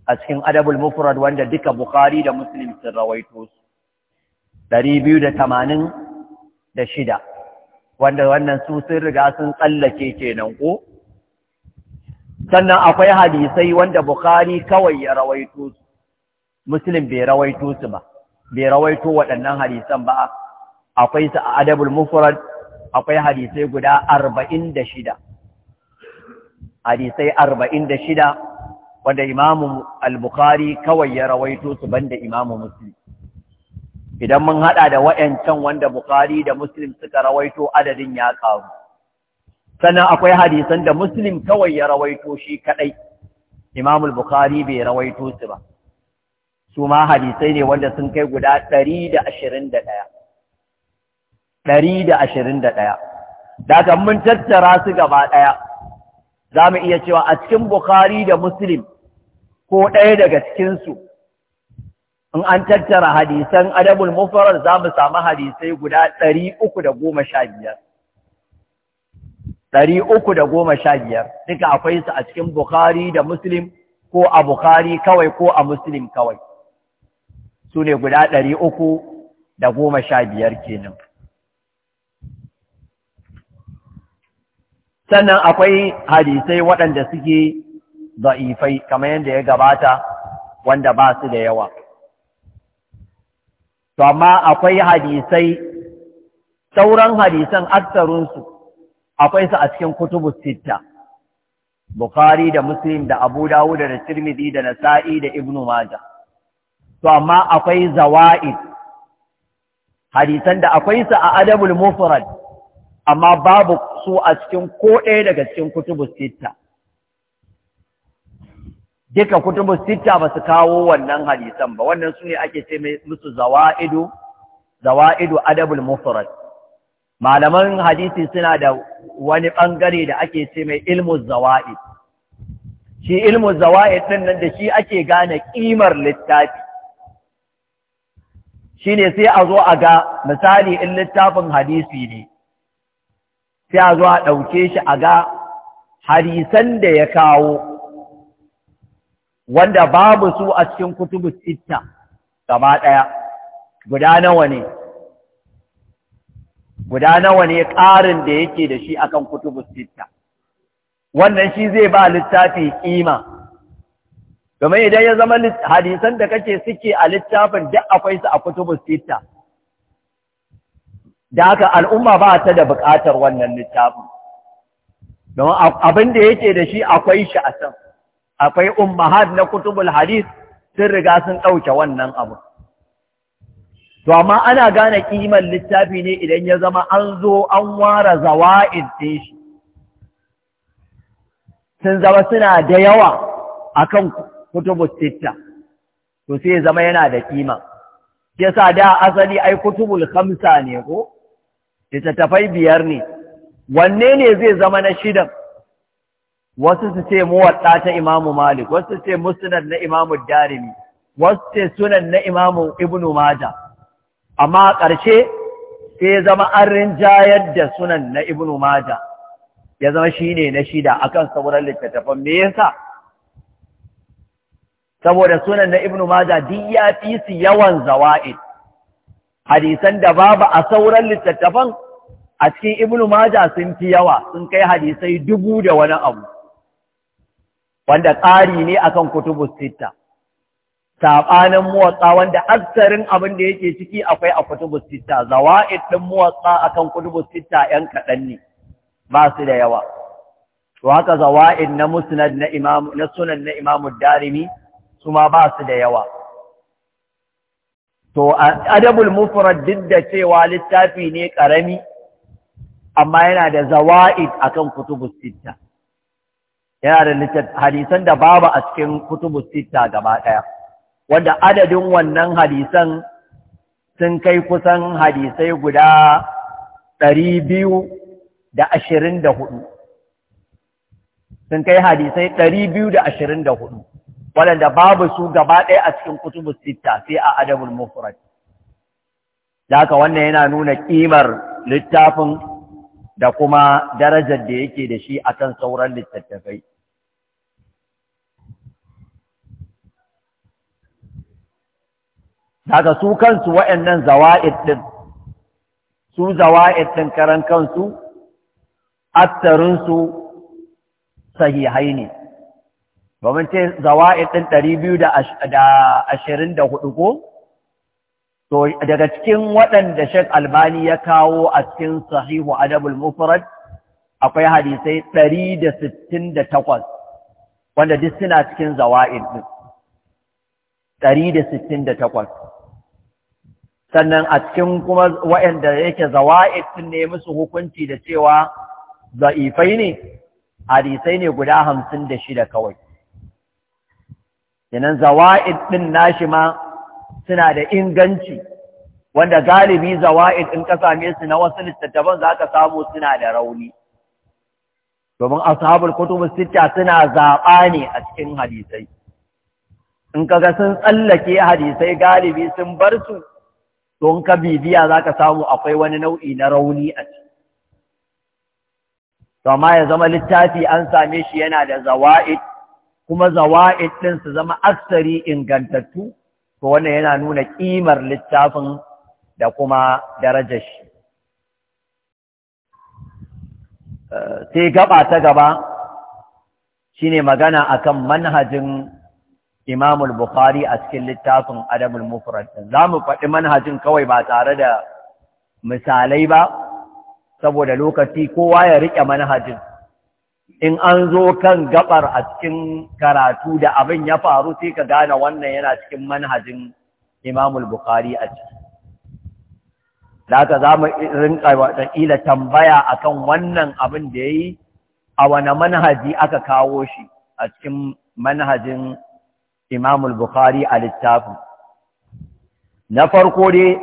a cikin adabul mufrad wanda duka Bukhari da Muslim sun rawaito su ɗari biyu da tamanin da shida wanda wannan su sun riga sun tsallake kenan ko sannan akwai hadisai wanda Bukhari kawai ya rawaito su Muslim bai rawaito su ba bai rawaito waɗannan hadisan ba akwai su a adabul mufrad akwai hadisai guda arba'in da shida hadisai arba'in da shida wanda imamu al-bukhari kawai ya rawaito su banda imamu muslim idan mun hada da wayancan wanda bukhari da muslim suka rawaito adadin ya karu sannan akwai hadisan da muslim kawai ya rawaito shi kadai imamu al-bukhari bai rawaito su ba su ma hadisai ne wanda sun kai guda ɗari da da ɗaya. ɗari da ashirin da ɗaya. Daga mun tattara su gaba ɗaya, za mu iya cewa a cikin Bukhari da Muslim ko ɗaya daga cikinsu, in an tattara hadisan adabul mufarar za mu samu hadisai guda ɗari uku da goma sha biyar. Ɗari uku da goma sha biyar, duka akwai su a cikin Bukhari da Muslim ko a Bukhari kawai ko a Muslim kawai. Su ne guda ɗari uku da goma sha biyar kenan. sannan akwai hadisai waɗanda suke za'ifai, kamar yadda ya gabata wanda ba su da yawa to amma akwai hadisai sauran hadisan aksarunsu akwai su a cikin kutubu sitta Bukhari da Muslim da Abu Dawud da Tirmidhi da Nasa'i da Ibn Majah to amma akwai zawa'id hadisan da akwai su a adabul mufrad amma babu su a cikin ko ɗaya daga cikin kutubu sitta duka kutubu sitta ba su kawo wannan hadisan ba wannan su ne ake ce musu zawa'idu zawa'idu adabul mufarar. malaman hadisi suna da wani ɓangare da ake ce mai ilmu zawa'id shi ilmu zawa'id din nan da shi ake gane ƙimar littafi Shi ne sai a zo a ga misali in littafin hadisi ne sai a zo a ɗauke shi a ga harisan da ya kawo wanda babu su a cikin kutubu sitta gaba ɗaya guda nawa ne guda nawa ne ƙarin da yake da shi akan kutubu sitta wannan shi zai ba littafi ƙima domin idan ya zama hadisan da kake suke a littafin duk akwai su a kutubu sitta da haka al'umma ba ta da buƙatar wannan littafin don abin da yake da shi akwai shi a can akwai ummahad na kutubul hadis sun riga sun ɗauke wannan abu to amma ana gane ƙiman littafi ne idan ya zama an zo an ware zawa'id ɗin shi sun zama suna da yawa akan kutubus sita, to sai zama yana da ƙima yasa da asali ai kutubul hamsa ne ko littattafai biyar ne wanne ne zai zama na shidan wasu su ce muwatta ta imamu malik wasu su ce musnad na imamu darimi wasu ce sunan na imamu ibnu maja amma a ƙarshe sai zama an rinjayar da sunan na ibnu Mada, ya zama shi ne na shida a kan sauran littattafan me yasa saboda sunan na ibnu maja duk ya fi su yawan zawa'id hadisan da babu a sauran littattafan a cikin ibnu maja sun fi yawa sun kai hadisai dubu da wani abu wanda ƙari ne akan kutubu sita sabanin muwatsa wanda aksarin abin da yake ciki akwai a kutubu sita zawa'id ɗin muwatsa akan kutubu sita yan kaɗan ne ba su da yawa to haka zawa'id na musnad na sunan na imamu darimi su ma ba su da yawa To, adabul mufrad duk da cewa littafi ne ƙarami, amma yana da zawa'id a kan kutubus sitta. Yana da hadisan da babu a cikin kutubus sitta gaba ɗaya, wanda adadin wannan hadisan sun kai kusan hadisai guda ɗari biyu da ashirin da hudu. Sun kai hadisai ɗari biyu da ashirin da hudu. waɗanda babu su gaba ɗaya a cikin kutubu sitta sai a adabul mufrad haka wannan yana nuna ƙimar littafin da kuma darajar da yake da shi akan sauran littattafai daga su kansu waɗannan zawa'id ɗin su zawa'id ɗin karan kansu aksarinsu sahihai ne ba mun ce ashirin din 224 ko to daga cikin waɗanda Sheikh Albani ya kawo a cikin Sahihu Adabul Mufrad akwai hadisai 168 wanda duk suna cikin sittin din 168 sannan a cikin kuma waɗanda yake zawa'id din ne musu hukunci da cewa za'ifai ne hadisai ne guda 56 kawai kenan zawa'id ɗin nashi ma suna da inganci wanda galibi zawa'id in ka same su na wasu littattafan za ka samu suna da rauni domin ashabul kutubu sitta suna zaɓa ne a cikin hadisai in ka ga sun tsallake hadisai galibi sun bar su don ka bibiya za ka samu akwai wani nau'i na rauni a ciki to amma ya zama littafi an same shi yana da zawa'id kuma zawa'id ɗin su zama aksari ingantattu to wannan yana nuna ƙimar littafin da kuma darajar shi sai gaba ta gaba shine magana akan manhajin Imam al-Bukhari a cikin littafin Adabul Mufrad za mu faɗi manhajin kawai ba tare da misalai ba saboda lokaci kowa ya riƙe manhajin in an zo kan gabar a cikin karatu da abin ya faru sai ka gane wannan yana cikin manhajin imamul bukhari a ciki da ka za mu rinka wataƙila tambaya a kan wannan abin da ya yi a wane manhaji aka kawo shi a cikin manhajin imamul bukhari a littafin na farko dai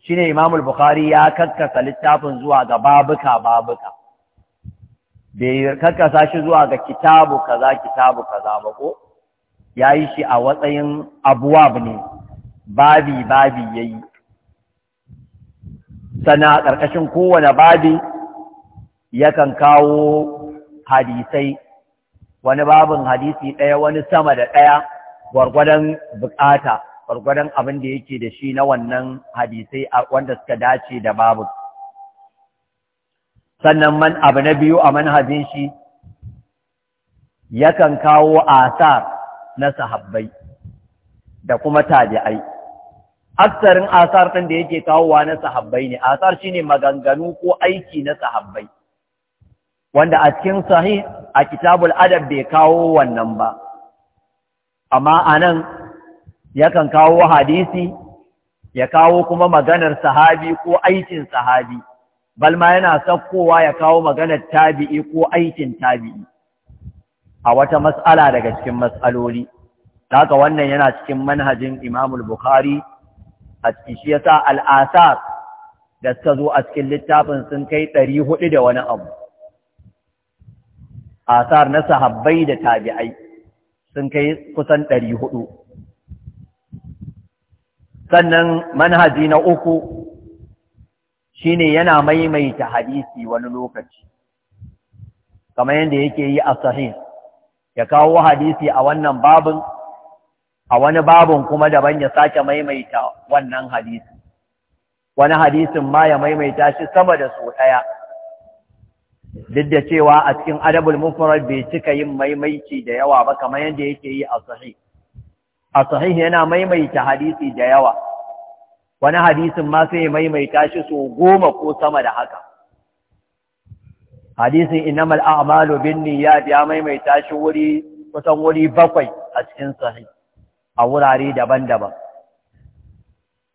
shi shine imamul bukhari ya kakkasa littafin zuwa ga babuka babuka bai karkasa shi zuwa ga kitabu kaza kitabu kaza ba ko yayi shi a watsayin abuwab ne babi babi ya sana ƙarƙashin kowane babi yakan kawo hadisai wani babin hadisi ɗaya wani sama da ɗaya gargwadan bukata gwargwadon abin da yake da shi na wannan hadisai wanda suka dace da babu sannan man abu na biyu a manhajin shi yakan kawo asar na sahabbai da kuma tabi'ai aksarin asar ɗin da yake kawowa na sahabbai ne asar shine maganganu ko aiki na sahabbai wanda a cikin sahih a kitabul adab bai kawo wannan ba amma nan yakan kawo hadisi ya kawo kuma maganar sahabi ko aikin sahabi balma yana sakkowa ya kawo maganar tabi'i ko aikin tabi'i a wata mas'ala daga cikin mas'aloli haka wannan yana cikin manhajin imamul bukhari a cikin shi yasa al'asar da suka zo a cikin littafin sun kai 400 da wani abu asar na sahabbai da tabi'ai sun kai kusan ɗari sannan manhaji na uku shine yana maimaita hadisi wani lokaci kamar yadda yake yi a sahih ya kawo hadisi a wannan babin a wani babin kuma daban ya sake maimaita wannan hadisi wani hadisin ma ya maimaita shi sama da so ɗaya duk da cewa a cikin adabul mufrad bai cika yin maimaici da yawa ba kamar yadda yake yi a sahih a sahih yana maimaita hadisi da yawa wani hadisin ma sai maimaita shi so goma ko sama da haka hadisin innamal a'malu binniyat ya biya maimaita shi wuri kusan wuri bakwai a cikin sahih a wurare daban-daban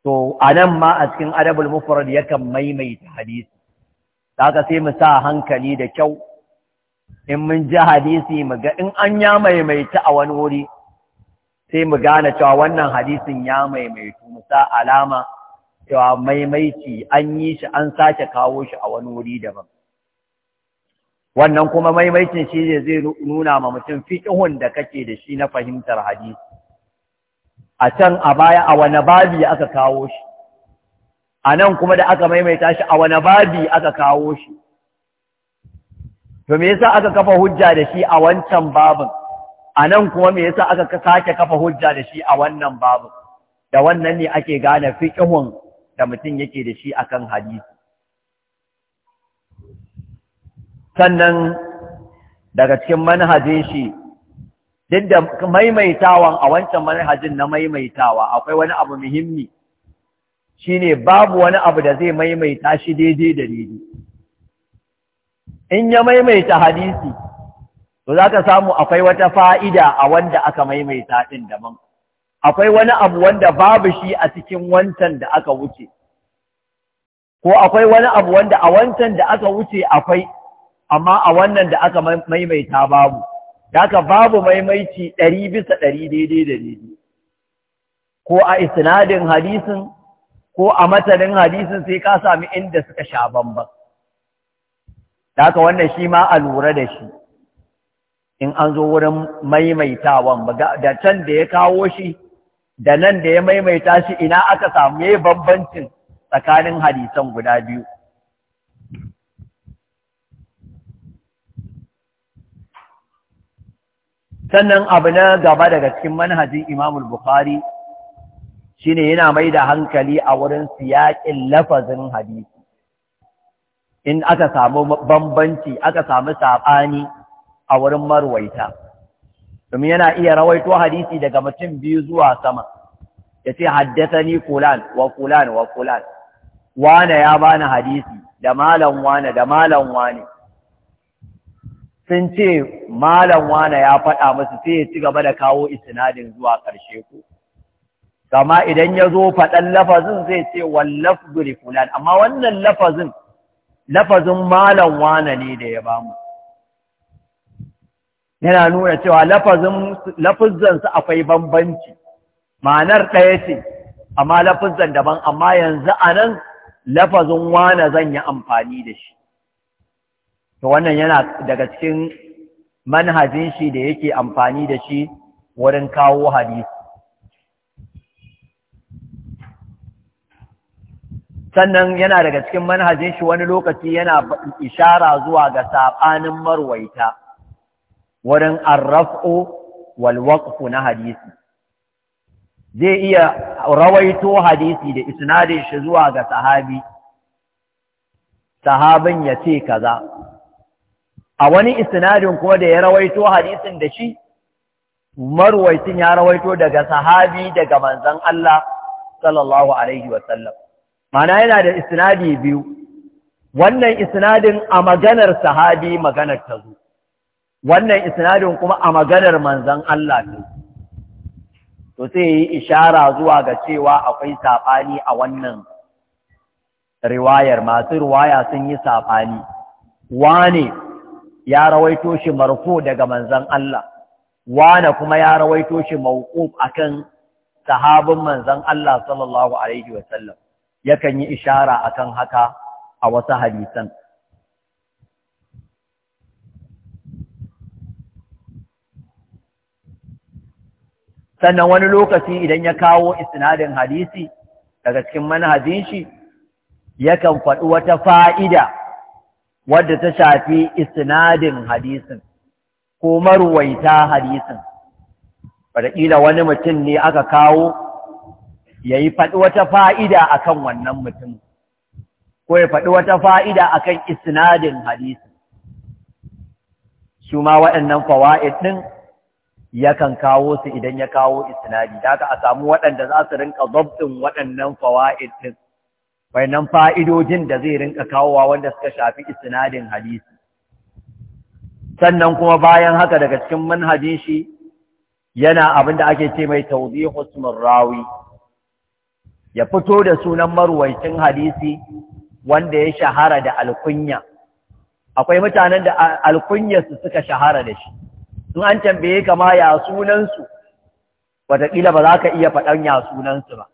to anan ma a cikin adabul mufrad yakan maimaita hadisi haka sai mu sa hankali da kyau in mun ji hadisi mu ga in an ya maimaita a wani wuri sai mu gane cewa wannan hadisin ya maimaitu mu sa alama cewa maimaici an yi shi an sake kawo shi a wani wuri daban wannan kuma maimaitin shi ne zai nuna ma mutum fiƙihun da kake da shi na fahimtar hadisi a can a baya a wani babi aka kawo shi a nan kuma da aka maimaita shi a wani babi aka kawo shi to me yasa aka kafa hujja da shi a wancan babin a nan kuma me yasa aka sake kafa hujja da shi a wannan babin da wannan ne ake gane fiƙihun da mutum yake da shi akan hadisi sannan daga cikin manhajin shi duk da maimaitawan a wancan manhajin na maimaitawa akwai wani abu muhimmi shine babu wani abu da zai maimaita shi daidai da daidai in ya maimaita hadisi to ka samu akwai wata fa'ida a wanda aka maimaita ɗin daban akwai wani abu wanda babu shi a cikin wancan da aka wuce ko akwai wani abu wanda a wancan da aka wuce akwai amma a wannan da aka maimaita babu da aka babu maimaici ɗari bisa ɗari daidai da daidai ko a isnadin hadisin ko a matanin hadisin sai ka sami inda suka sha bambam da aka wannan shi ma a lura da shi in an zo wurin maimaitawan da can da ya kawo shi da nan da ya maimaita shi ina aka samu ya bambancin tsakanin hadisan guda biyu. Sannan abu na gaba daga cikin manhajin Imamul Bukhari shi ne yana mai da hankali a wurin siyaƙin lafazin hadisi. In aka samu bambanci, aka samu saɓani a wurin marwaita. domin yana iya rawaito hadisi daga mutum biyu zuwa sama ya ce ni kulan wa kulan wa kulan wane ya bani hadisi da malam wane da malam wane sun ce malam wane ya faɗa musu sai ya ci gaba da kawo isnadin zuwa ƙarshe ku kama idan ya zo faɗan lafazin zai ce wallaf duri amma wannan lafazin lafazin malam wane ne da ya bamu yana nuna cewa lafuzzansu akwai bambanci ma'anar ɗaya ce amma lafazan daban amma yanzu a nan lafazin wane zan yi amfani da shi to wannan yana daga cikin manhajin shi da yake amfani da shi wurin kawo hadisi sannan yana daga cikin manhajin shi wani lokaci yana ishara zuwa ga saɓanin marwaita wurin arraf'u wal na hadisi zai iya rawaito hadisi da isnadin shi zuwa ga sahabi sahabin ya ce kaza a wani isnadin kuma da ya rawaito hadisin da shi marwaitin ya rawaito daga sahabi daga manzon Allah sallallahu alaihi wa mana yana da isnadi biyu wannan isnadin a maganar sahabi maganar ta zo wannan isnadin kuma a maganar manzan Allah ne to sai yi ishara zuwa ga cewa akwai safani a wannan riwayar masu riwaya sun yi saɓani wane ya rawaito shi marfo daga manzan Allah wane kuma ya rawaito shi mawquf akan sahabin manzan Allah sallallahu alaihi wasallam yakan yi ishara akan haka a wasu hadisan sannan wani lokaci idan ya kawo istinadin hadisi daga cikin manhajin shi yakan faɗi wata fa'ida wadda ta shafi istinadin hadisin ko maruwaita hadisin ƙila wani mutum ne aka kawo ya yi faɗi wata fa'ida a kan wannan mutum ko ya faɗi wata fa'ida a kan isnadin hadisin su ma waɗannan fawa'id ɗin yakan kawo su idan ya kawo isnadi da a samu waɗanda za su rinka zabtin waɗannan fawaid din wayannan fa'idojin da zai rinka kawowa wanda suka shafi isnadin hadisi sannan kuma bayan haka daga cikin manhajin shi yana abin da ake ce mai tawdihu ismin rawi ya fito da sunan marwaicin hadisi wanda ya shahara da alkunya akwai mutanen da alkunyarsu suka shahara da shi in an tambaye ka ma ya sunansu wataƙila ba za ka iya faɗan ya sunansu ba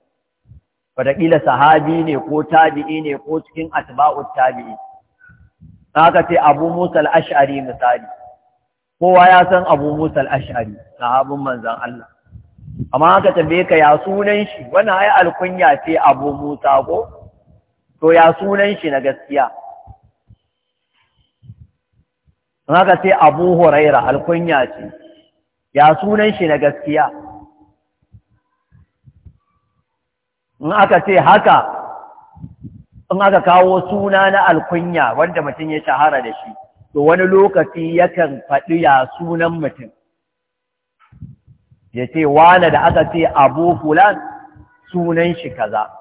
wataƙila sahabi ne ko tabi'i ne ko cikin atba'ut tabi'i haka ce abu musa al'ash'ari misali kowa ya san abu musa al'ash'ari sahabin manzan Allah amma haka tambaye ka ya sunan shi wannan ai alkunya ce abu musa ko to ya sunan shi na gaskiya in haka sai abu huraira alkunya ce ya sunan shi na gaskiya in aka ce haka in aka kawo suna na alkunya wanda mutum ya shahara da shi to wani lokaci yakan faɗi ya sunan mutum ya ce wane da aka ce abu fulan sunan shi kaza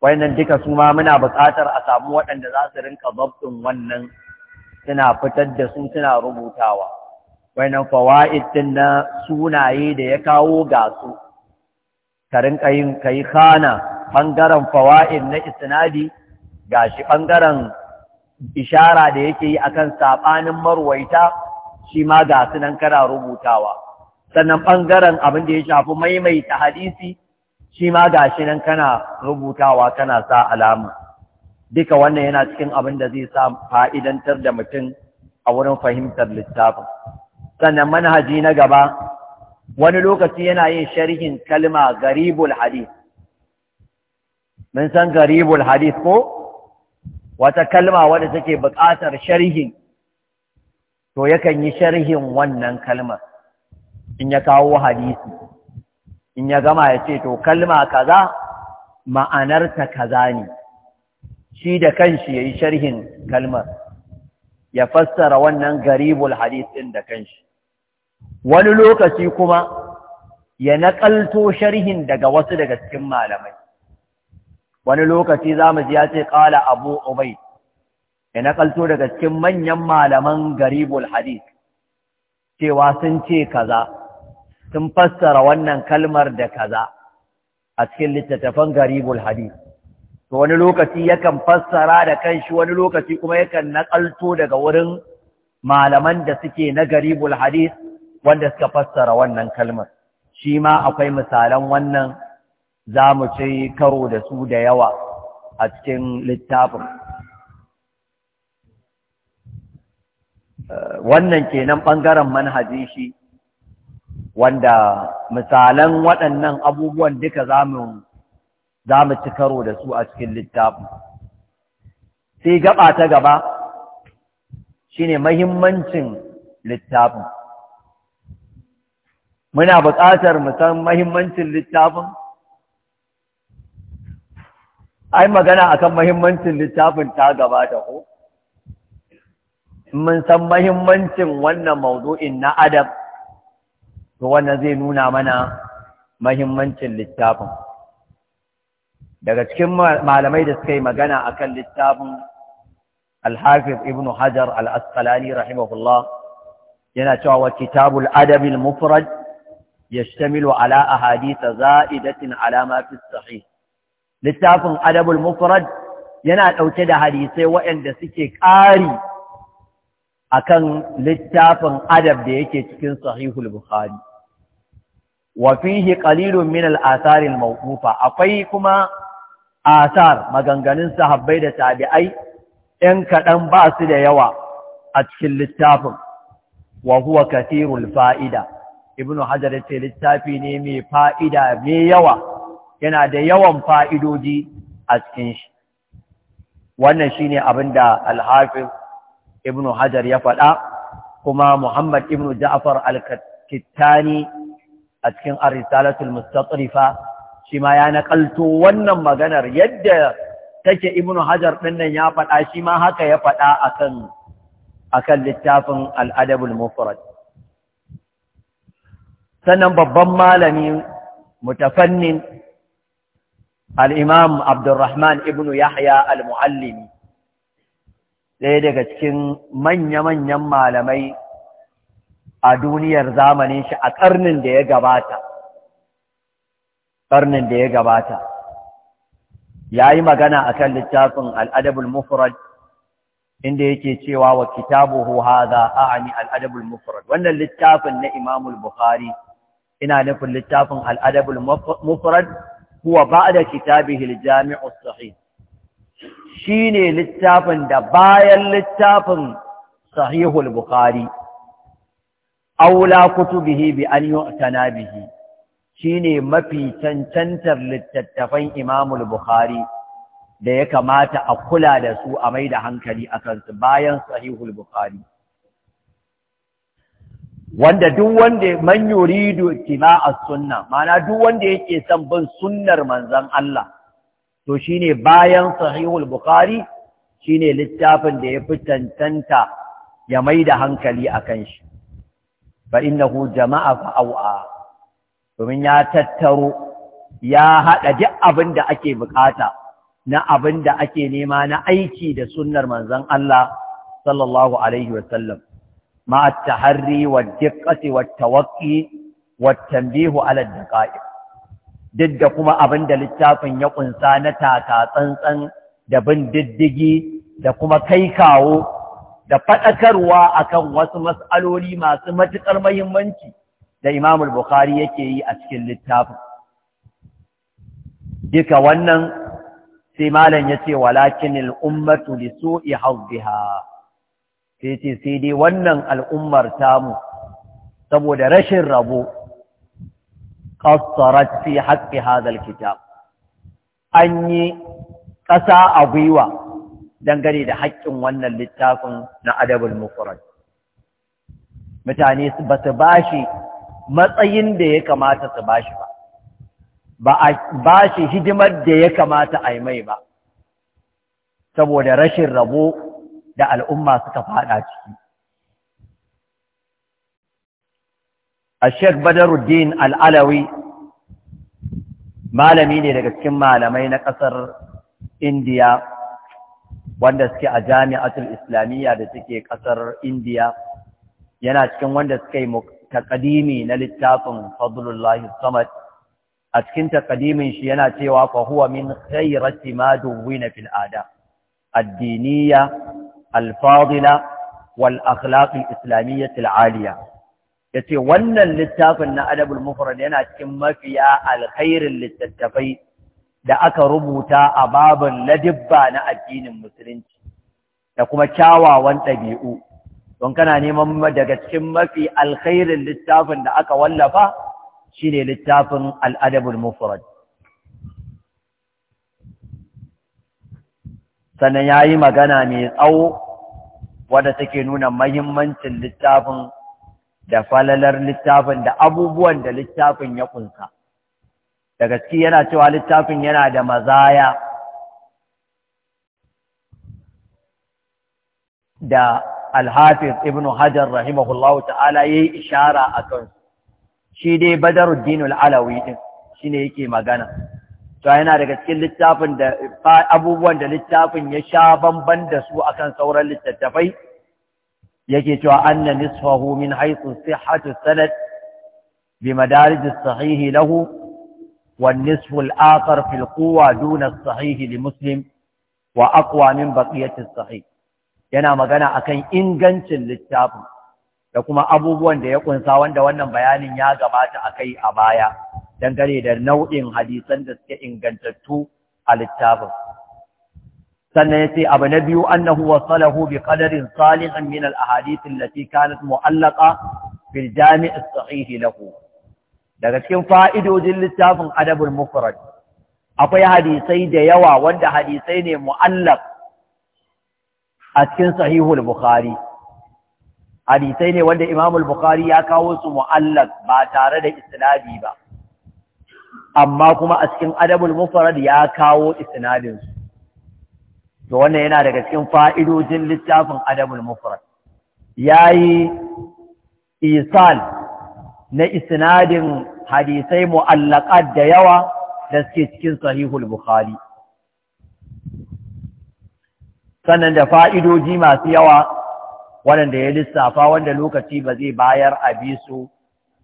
wannan duka suma muna buƙatar a samu waɗanda za su rinka zabtin wannan suna fitar da su suna rubutawa wani fawaid din na sunaye da ya kawo ga su ka kai khana bangaren fawaid na isnadi gashi bangaren ishara da yake yi akan sabanin marwaita shi ma ga su nan kana rubutawa sannan bangaren abin da ya shafi maimaita hadisi shi ma gashi nan kana rubutawa kana sa alama duka wannan yana cikin abin da zai sa fa'idantar da mutum a wurin fahimtar littafin sannan manhaji na gaba wani lokaci yana yin sharhin kalma garibul hadith mun san garibul hadith ko wata kalma wadda take buƙatar sharhin to yakan yi sharhin wannan kalmar in ya kawo hadisi in ya gama ya ce to kalma kaza ma'anarta kaza ne shi da kanshi ya yi sharhin kalmar ya fassara wannan garibul hadith din da kanshi wani lokaci kuma ya naƙalto sharhin daga wasu daga cikin malamai wani lokaci zamu ji ya ce qala abu ubai ya naƙalto daga cikin manyan malaman garibul hadis, cewa sun ce kaza sun fassara wannan kalmar da kaza a cikin littattafan garibul hadis. to wani lokaci yakan fassara da shi wani lokaci kuma yakan naƙalto daga wurin malaman da suke na garibul hadith wanda suka fassara wannan kalmar shi ma akwai misalan wannan za mu ci karo da su da yawa a cikin littafin eh, wannan kenan ɓangaren manhaji shi wanda misalan waɗannan abubuwan duka za mu za mu ci karo da su a cikin littafin sai gaba ta gaba shine mahimmancin littafin muna buƙatar mu san mahimmancin littafin ai magana akan mahimmancin littafin ta gabata ko mun san mahimmancin wannan mawdu'in na adab to wannan zai nuna mana mahimmancin littafin daga cikin malamai da suka yi magana akan littafin al ibn hajar al-asqalani rahimahullah yana cewa wa kitabul adab al-mufrad yashtamilu ala ahadith za'idatin alama fi sahih littafin adabul al-mufrad yana ɗauke da hadisai waɗanda suke ƙari akan littafin adab da yake cikin sahihul bukhari wa fihi qalilun min al-athar al-mawqufa akwai kuma asar maganganun sahabbai da tabi'ai ‘yan kaɗan ba su da yawa a cikin littafin wa huwa kathirul fa'ida ibnu hajar ce littafi ne mai fa'ida mai yawa yana da yawan fa'idoji a cikin shi wannan shine abin da alhafiz ibnu hajar ya faɗa kuma muhammad ibnu ja'far al-kittani a cikin ar-risalatul mustatrifa shi ma ya naƙalto wannan maganar yadda take Ibnu hajar ɗinnan ya faɗa shi ma haka ya faɗa akan littafin al'adabul mufrad sannan babban malami mutafannin al'imam abdurrahman Ibnu yahya al muhallimi ɗaya daga cikin manya-manyan malamai a duniyar zamanin shi a ƙarnin da ya gabata ƙarnin da ya gabata ya yi magana a kan littafin al'adabul mufrad inda yake cewa wa kitabu haza ani al'adabul mufrad wannan littafin na imamul bukhari ina nufin littafin al'adabul mufrad huwa ba da kitabihi aljami'u sahih shine littafin da bayan littafin sahihul bukhari aula kutubihi bi an yu'tana bihi shine mafi cancantar littattafan Imamul Bukhari da ya kamata a kula da su a mai da hankali a kansu bayan Sahihul Bukhari. Wanda duk wanda man yuridu ittiba'a sunna, mana duk wanda yake son bin sunnar manzon Allah, to shine bayan Sahihul Bukhari shine littafin da ya fi ya mai da hankali a kan shi. Fa innahu jama'a fa'au'a. domin ya tattaro ya haɗa duk abin da ake buƙata, na abin da ake nema na aiki da sunnar manzon Allah sallallahu alaihi wa dikkati wa والدقة wa tanbihu ala daqa'iq duk da kuma abin da littafin ya kunsa na دكما tsantsan da faɗakarwa akan wasu mas'aloli masu matukar muhimmanci da Imam al-Bukhari yake yi a cikin littafin duka wannan sai malam yace walakin al-ummatu li su'i hazziha sai ce sai dai wannan al'ummar tamu saboda rashin rabo qassarat fi haqqi hadha al-kitab an yi ƙasa a gwiwa dangane da haƙƙin wannan littafin na adabul mufrad mutane ba su bashi matsayin da ya kamata su bashi ba ba a shi hidimar da ya kamata a yi mai ba saboda rashin rabo da al'umma suka fada ciki A Sheikh Badaruddin Al'alawi malami ne daga cikin malamai na ƙasar Indiya wanda suke a jami'atul Islamiyya da suke ƙasar Indiya yana cikin wanda suka yi Takadimi na littafin fadlullahi samad a cikin takadimin shi yana cewa fa huwa min khairati ma duwina fil ada addiniya alfadila wal akhlaq al islamiyyah aliya yace wannan littafin na adabul mufrad yana cikin mafiya alkhairin littattafai da aka rubuta a babin ladibba na addinin musulunci da kuma kyawawan ɗabi'u don kana neman daga cikin mafi alkhairin littafin da aka wallafa shi ne littafin al'adabul mufrad sannan ya yi magana mai tsawo wadda take nuna mahimmancin littafin da falalar littafin da abubuwan da littafin ya kunsa daga ciki yana cewa littafin yana da mazaya da alhafiz ibn hajar rahimahullahu ta'ala yayi ishara akan shi dai badaruddin al-alawi din shine yake magana to yana daga cikin littafin da abubuwan da littafin ya sha bamban da su akan sauran littattafai yake cewa anna nisfahu min haythu sihhatu sanad bi madarij as-sahih lahu wan nisfu al-akhar fi al-quwwa duna as-sahih li muslim wa aqwa min baqiyati as-sahih yana magana akan ingancin littafin da kuma abubuwan da ya kunsa wanda wannan bayanin ya gabata akai a baya dangane da nau'in hadisan da suke ingantattu a littafin sannan yace abu na biyu annahu wasalahu bi qadarin salihin min al ahadith allati kanat mu'allaqa fil jami' as sahih lahu daga cikin fa'idojin littafin adabul mufrad akwai hadisai da yawa wanda hadisai ne mu'allaq a cikin sahihul bukhari hadisai ne wanda imamul bukhari ya kawo su mu'allaq ba tare da isnadi ba amma kuma a cikin adabul mufrad ya kawo isnadin su to wannan yana daga cikin fa'idojin littafin adabul mufrad yayi isal na isnadin hadisai mu'allaqat da yawa da suke cikin sahihul bukhari sannan da fa'idoji masu yawa waɗanda ya lissafa wanda lokaci ba zai bayar a su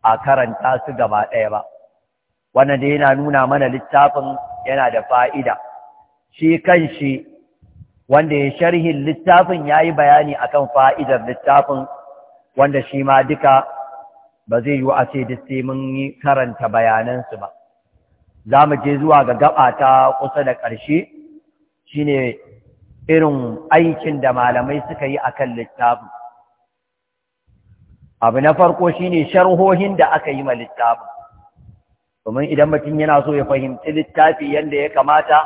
a karanta su gaba ɗaya ba wannan yana nuna mana littafin yana da fa'ida shi kan shi wanda ya sharhin littafin ya yi bayani a kan fa'idar littafin wanda shi ma duka ba zai yi wa ce sai mun yi karanta bayanansu ba za mu je zuwa ga gaba ta kusa da ƙarshe shi ne. irin aikin da malamai suka yi a kan littafin abu na farko shi ne sharhohin da aka yi ma littafin domin idan mutum yana so ya fahimci littafi yadda ya kamata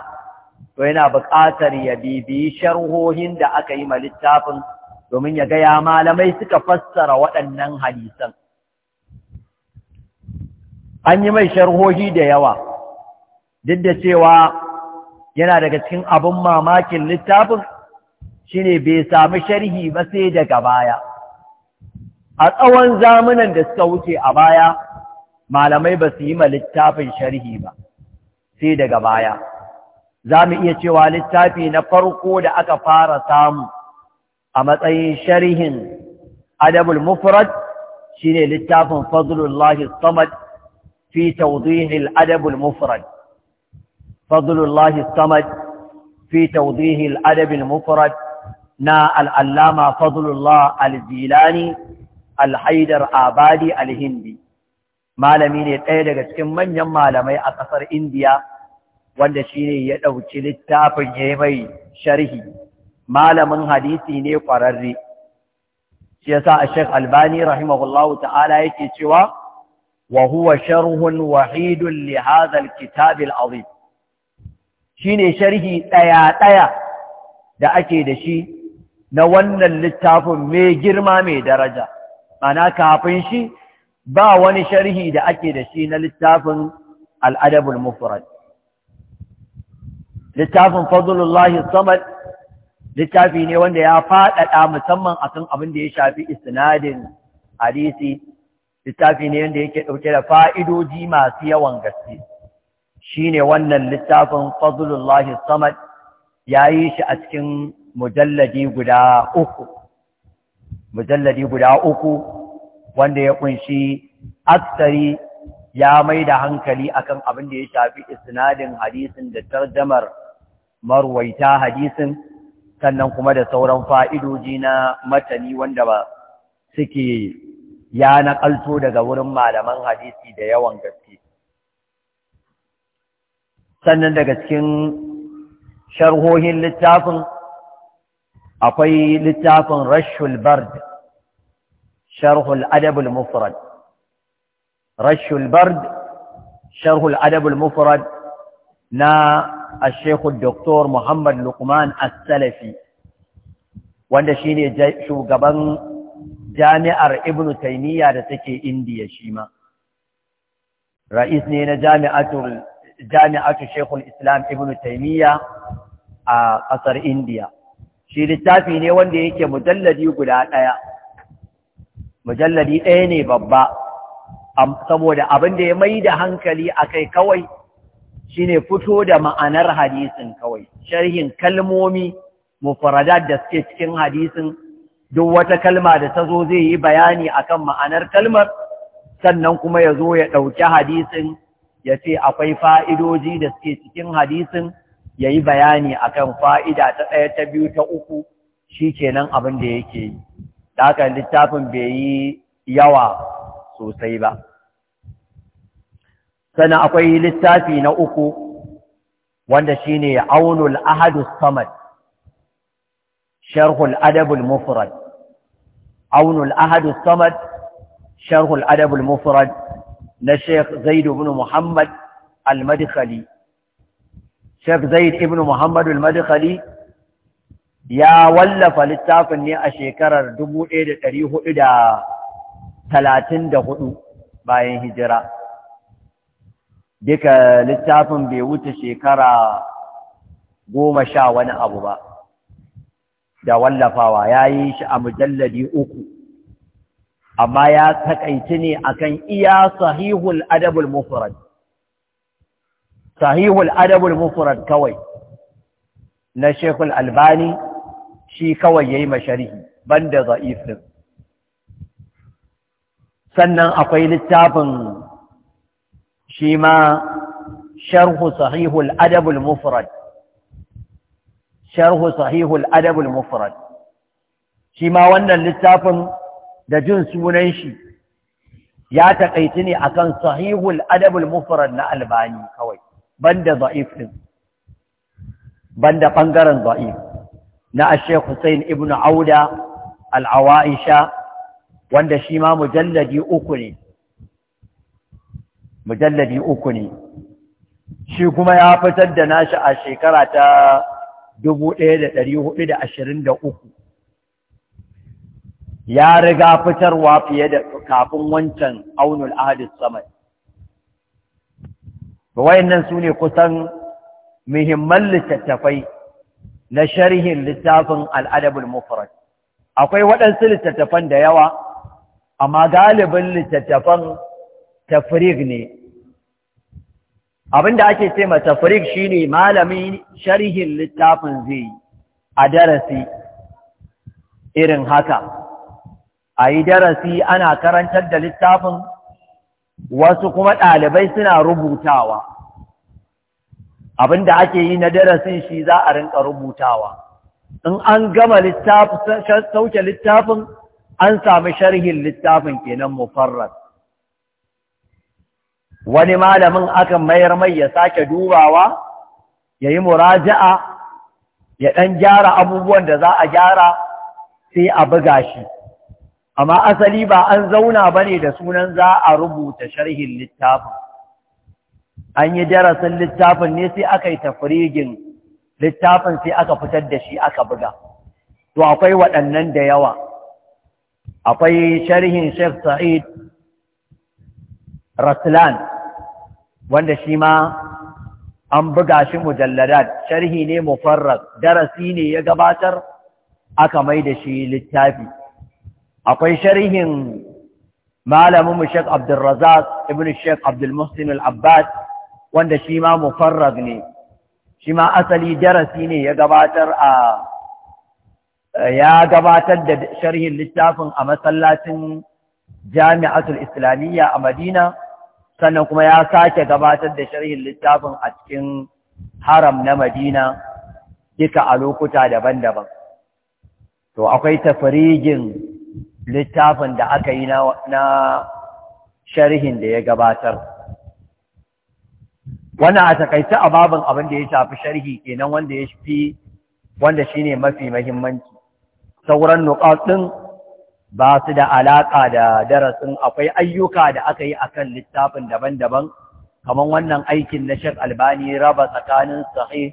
to yana buƙatar ya bibiyi sharhohin da aka yi ma littafin domin ya gaya malamai suka fassara waɗannan hadisan an yi mai sharhohi da yawa duk da cewa yana daga cikin abin mamakin littafin shine bai sami sharhi ba sai daga baya a tsawon zamunan da suka wuce a baya malamai ba su yi ma littafin sharhi ba sai daga baya za mu iya cewa littafi na farko da aka fara samu a matsayin sharhin adabul mufrad shine littafin fazlullahi samad fi tawdihil adabul mufrad فضل الله الصمد في توضيح الأدب المفرد نا العلامة فضل الله الجيلاني الحيدر آبادي الهندي malami ne ɗaya daga cikin manyan malamai a ƙasar indiya wanda shi ne ya ɗauki littafin ya mai sharhi malamin hadisi ne ƙwararre shi yasa a shek albani rahimahullahu ta'ala yake cewa wa huwa sharhun wahidun li hadha alkitab azim shine sharhi ɗaya ɗaya da ake da shi na wannan littafin mai girma mai daraja ana kafin shi ba wani sharhi da ake da shi na littafin al'adabul mufrad littafin fadlullahi samad littafi ne wanda ya faɗaɗa musamman akan abin da ya shafi isnadin hadisi littafi ne wanda yake ɗauke da fa'idoji masu yawan gaske shine wannan littafin fadlullahi samad yayi shi a cikin mujalladi guda uku mujalladi guda uku wanda ya kunshi aksari ya mai da hankali akan abin da ya shafi isnadin hadisin da tarjamar marwaita hadisin sannan kuma da sauran fa'idoji na matani wanda ba suke ya naƙalto daga wurin malaman hadisi da yawan gaske sannan daga cikin sharhohin littafin akwai littafin rashul bard sharhul adabul mufrad rashul bard sharhul adabul mufrad na الشيخ Muhammad محمد لقمان السلفي wanda shine shugaban jami'ar Ibn Taymiyyah da take Indiya shima. rais ne na jami'atul jami'atu shekul islam ibn taimiyya a ƙasar indiya shi littafi ne wanda yake mujalladi guda ɗaya mujalladi ɗaya ne babba saboda abin da ya mai da hankali a kai kawai shi ne fito da ma'anar hadisin kawai sharhin kalmomi mufaradat da suke cikin hadisin duk wata kalma da ta zo zai yi bayani akan ma'anar kalmar sannan kuma ya zo ya ɗauki hadisin ya ce akwai fa'idoji da suke cikin hadisin ya yi bayani a kan fa'ida ta ɗaya ta biyu ta uku shi kenan abin da yake yi da littafin bai yi yawa sosai ba Sana akwai littafi na uku wanda shi ne aunul ahadus samad sharhul adabul mufrad aunul ahadus samad sharhul adabul mufrad na Sheikh Zaid ibn Muhammad al-Madkhali Sheikh Zaid ibn Muhammad al-Madkhali ya wallafa littafin ne a shekarar 1434 bayan hijira duka littafin bai wuce shekara goma sha wani abu ba da wallafawa ya yi shi a mujalladi uku amma ya takaici ne akan iya sahihul adabul mufrad sahihul adabul mufrad kawai na shekul albani shi kawai yi masharihi banda za'ifin sannan akwai littafin shi ma sharhu sahihul adabul mufrad sharhu sahihul adabul mufrad shi ma wannan littafin da jin sunan shi ya taƙaici ne akan sahihul adabul mufrad na albani kawai banda za'if din banda ɓangaren za'if na Sheikh Hussein ibn Auda al-Awaisha wanda shi ma mujalladi uku ne mujalladi uku ne shi kuma ya fitar da nashi a shekara ta 1423 ya riga fitarwa fiye da kafin wancan aunul ahadis samad wayannan su ne kusan muhimman littattafai na sharhin littafin al'adabul mufrad akwai waɗansu littattafan da yawa amma galibin littattafan tafrig ne abinda ake ce ma tafrig shine malamin sharhin littafin zai a darasi irin haka a yi darasi ana karantar da littafin wasu kuma ɗalibai suna rubutawa abin da ake yi na darasin shi za a rinka rubutawa in an gama sauke littafin an sami sharhin littafin kenan mufarrat wani malamin akan mayar mai ya sake dubawa ya yi muraja'a ya ɗan gyara abubuwan da za a gyara sai a buga shi amma asali ba an zauna ba ne da sunan za a rubuta sharhin littafin an yi darasin littafin ne sai aka yi tafirigin littafin sai aka fitar da shi aka buga to akwai waɗannan da yawa akwai sharhin sheikh sa'id raslan wanda shi ma an buga shi mujalladat sharhi ne mufarrad darasi ne ya gabatar aka mai da shi littafi akwai sharhin malamin mu Sheikh Abdul Razak ibn Sheikh Abdul Muhsin al wanda shi ma mufarrag ne shi ma asali darasi ne ya gabatar a ya gabatar da sharhin littafin a masallacin Jami'atul Islamiyya a Madina sannan kuma ya sake gabatar da sharhin littafin a cikin haram na Madina duka a lokuta daban-daban to akwai tafarijin littafin da aka yi na sharhin da ya gabatar wannan a takaice a babin abin da ya shafi sharhi kenan wanda ya fi wanda shine mafi mahimmanci sauran nuqat ba su da alaƙa da darasin akwai ayyuka da aka yi akan littafin daban-daban kamar wannan aikin na shek Albani raba tsakanin sahih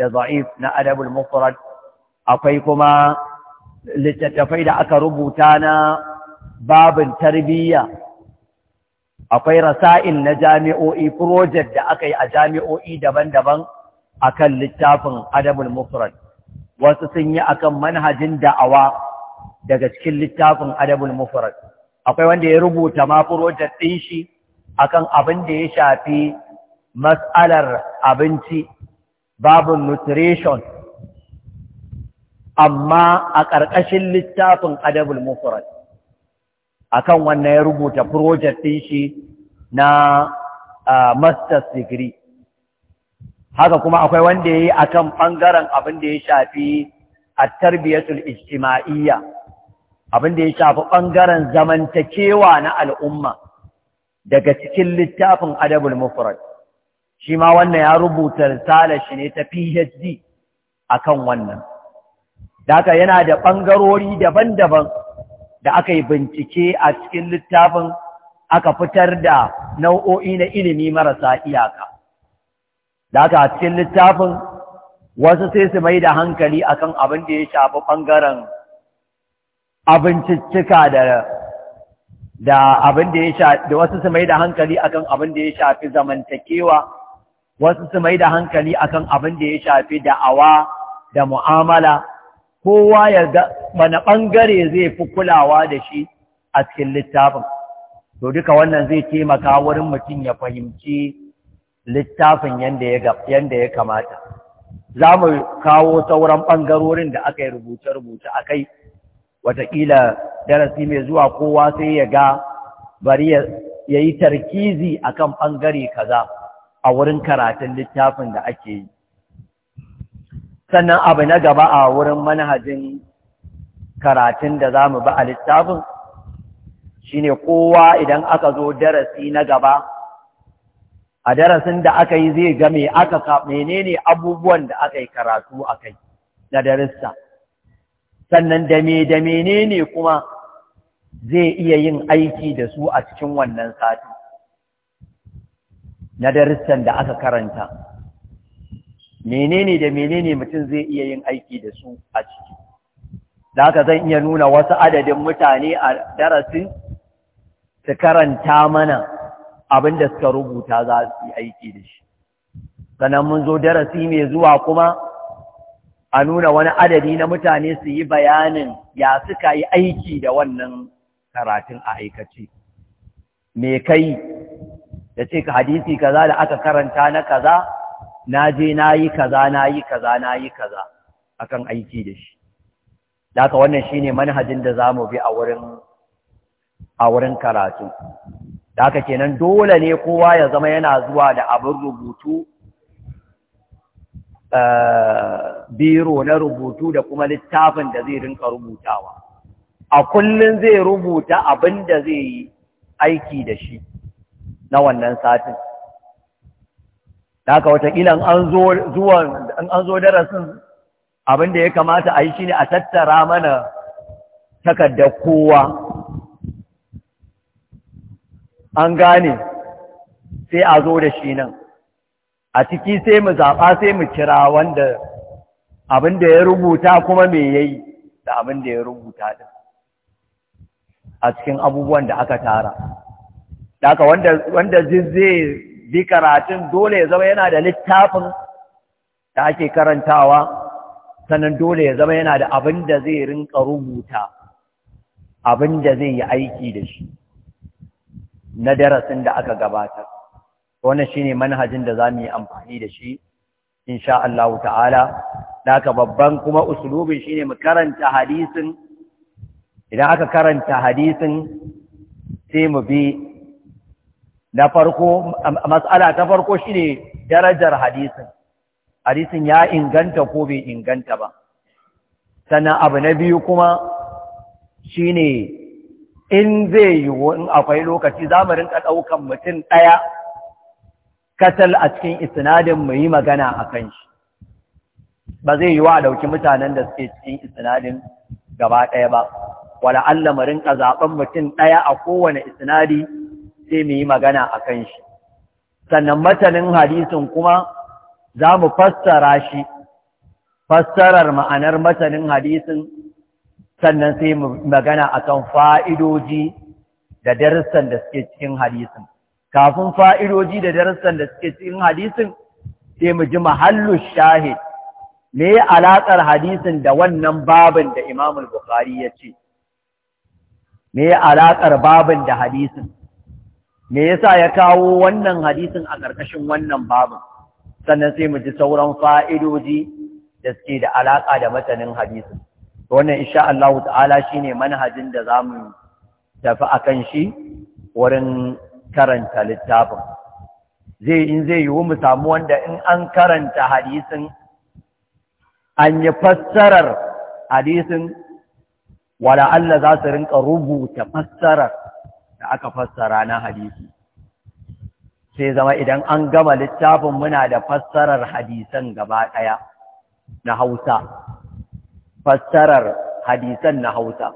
da za'if na adabul mufrad akwai kuma littattafai da aka rubuta na babin tarbiyya akwai rasa'in na jami'o'i project da aka yi a jami'o'i daban-daban akan littafin adabul mufrad wasu sun yi akan manhajin da'awa daga cikin littafin adabul mufrad akwai wanda ya rubuta ma project ɗin shi akan abin da ya shafi mas'alar abinci babin nutrition amma a ƙarƙashin littafin adabul mufrad akan wannan ya rubuta project ɗin shi na master degree haka kuma akwai wanda yayi akan ɓangaren abin da ya shafi at-tarbiyatul ijtima'iyya abin da ya shafi ɓangaren zamantakewa na al'umma daga cikin littafin adabul mufrad shi ma wannan ya rubuta risalar shi ne ta PhD akan wannan da yana da ɓangarori daban-daban da aka yi bincike a cikin littafin aka fitar da nau'o'i na ilimi marasa iyaka da a cikin littafin wasu sai su mai da hankali a kan abin da ya shafi ɓangaren abinciccika da da abin da ya shafi da wasu su mai da hankali akan abin da ya shafi zamantakewa wasu su mai da hankali akan abin da ya shafi da'awa da mu'amala kowa ya ga wani ɓangare zai fi kulawa da shi a cikin littafin to duka wannan zai taimaka wurin mutum ya fahimci littafin yadda ya kamata za mu kawo sauran ɓangarorin da aka yi rubuce-rubuce a kai wataƙila darasi mai zuwa kowa sai ya ga bari ya yi tarkizi kan ɓangare kaza a wurin karatun littafin da ake yi sannan abu na gaba a wurin manhajin karatun da za mu ba a littafin shine kowa idan aka zo darasi na gaba a darasin da aka yi zai ga aka menene abubuwan da aka yi karatu akai na darissa sannan da me da ne kuma zai iya yin aiki da su a cikin wannan sati na darissan da aka karanta menene da menene mutum zai iya yin aiki da su a ciki da haka zan iya nuna wasu adadin mutane a darasin su karanta mana abin da suka rubuta za su yi aiki da shi sannan mun zo darasi mai zuwa kuma a nuna wani adadi na mutane su yi bayanin ya suka yi aiki da wannan karatun a aikace me kai da ce ka hadisi kaza da aka karanta na kaza na je na yi kaza na yi kaza na yi kaza akan aiki da shi daga wannan shine manhajin da zamu bi a wurin a wurin karatu daga kenan dole ne kowa ya zama yana zuwa da abin rubutu eh, biro na rubutu da kuma littafin da zai rinka rubutawa a kullun zai rubuta abin da zai yi aiki da shi na wannan satin da haka watakila in an zo darasin abin da ya kamata a yi shi ne a tattara mana takarda kowa an gane sai a zo da shi nan a ciki sai mu zaɓa sai mu kira wanda abin da ya rubuta kuma me ya yi da abin da ya rubuta ɗin a cikin abubuwan da aka tara da haka wanda zai bi karatun dole ya zama yana da littafin da ake karantawa sannan dole ya zama yana da abin da zai rinka rubuta abin da zai yi aiki da shi na darasin da aka gabatar wannan shine manhajin da za mu yi amfani da shi insha Allah ta'ala daka babban kuma shi shine mu karanta hadisin idan aka karanta hadisin sai mu bi na farko matsala ta farko shine darajar hadisin hadisin ya inganta ko bai inganta ba sannan abu na biyu kuma shine in zai yi in akwai lokaci za mu rinka ɗaukan mutum ɗaya kasal a cikin isnadin mu yi magana a kan shi ba zai yi wa a ɗauki mutanen da suke cikin isnadin gaba ɗaya ba wala Allah mu rinka zaɓen mutum ɗaya a kowane isnadi sai mu yi magana a kan shi sannan matanin hadisin kuma za mu fassara shi fassarar ma'anar matanin hadisin sannan sai mu magana a kan fa'idoji da darussan da suke cikin hadisin kafin fa'idoji da darussan da suke cikin hadisin sai mu ji mahallu shahid me alaƙar hadisin da wannan babin da imamul Bukhari ya ce me alaƙar babin da hadisin me yasa ya kawo wannan hadisin a ƙarƙashin wannan babin sannan sai mu ji sauran fa'idoji da suke da alaƙa da matanin hadisin wannan insha Allah ta'ala shine manhajin da zamu tafi akan shi wurin karanta littafin zai in zai yiwu mu samu wanda in an karanta hadisin an yi fassarar hadisin wala Allah za su rinka rubuta fassarar da aka fassara na hadisi sai zama idan an gama littafin muna da fassarar hadisan gaba ɗaya na hausa fassarar hadisan na hausa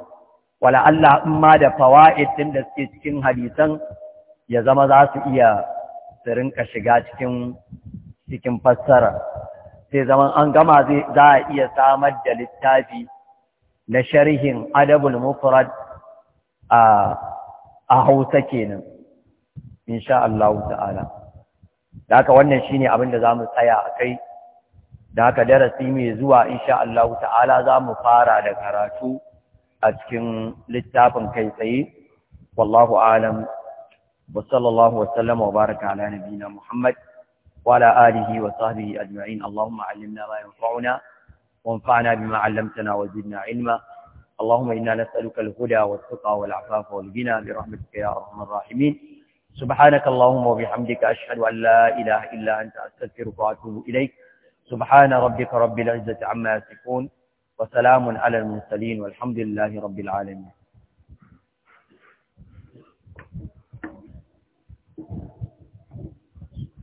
wala Allah in ma da fawa'id tun da suke cikin hadisan ya zama za su iya su rinka shiga cikin fassara sai zaman an gama za a iya samar da littafi na sharhin adabul mufrad a a hausa kenan insha Allah ta'ala da haka wannan shine abin da zamu tsaya akai da haka darasi mai zuwa insha Allah ta'ala zamu fara da karatu a cikin littafin kai tsaye wallahu alam wa sallallahu wa sallama wa baraka ala nabiyyina Muhammad wa ala alihi wa sahbihi ajma'in Allahumma allimna ma yanfa'una wanfa'na bima 'allamtana wa zidna ilma اللهم إنا نسألك الهدى والتقى والعفاف والغنى برحمتك يا أرحم الراحمين سبحانك اللهم وبحمدك أشهد أن لا إله إلا أنت أستغفرك وأتوب إليك سبحان ربك رب العزة عما يصفون وسلام على المرسلين والحمد لله رب العالمين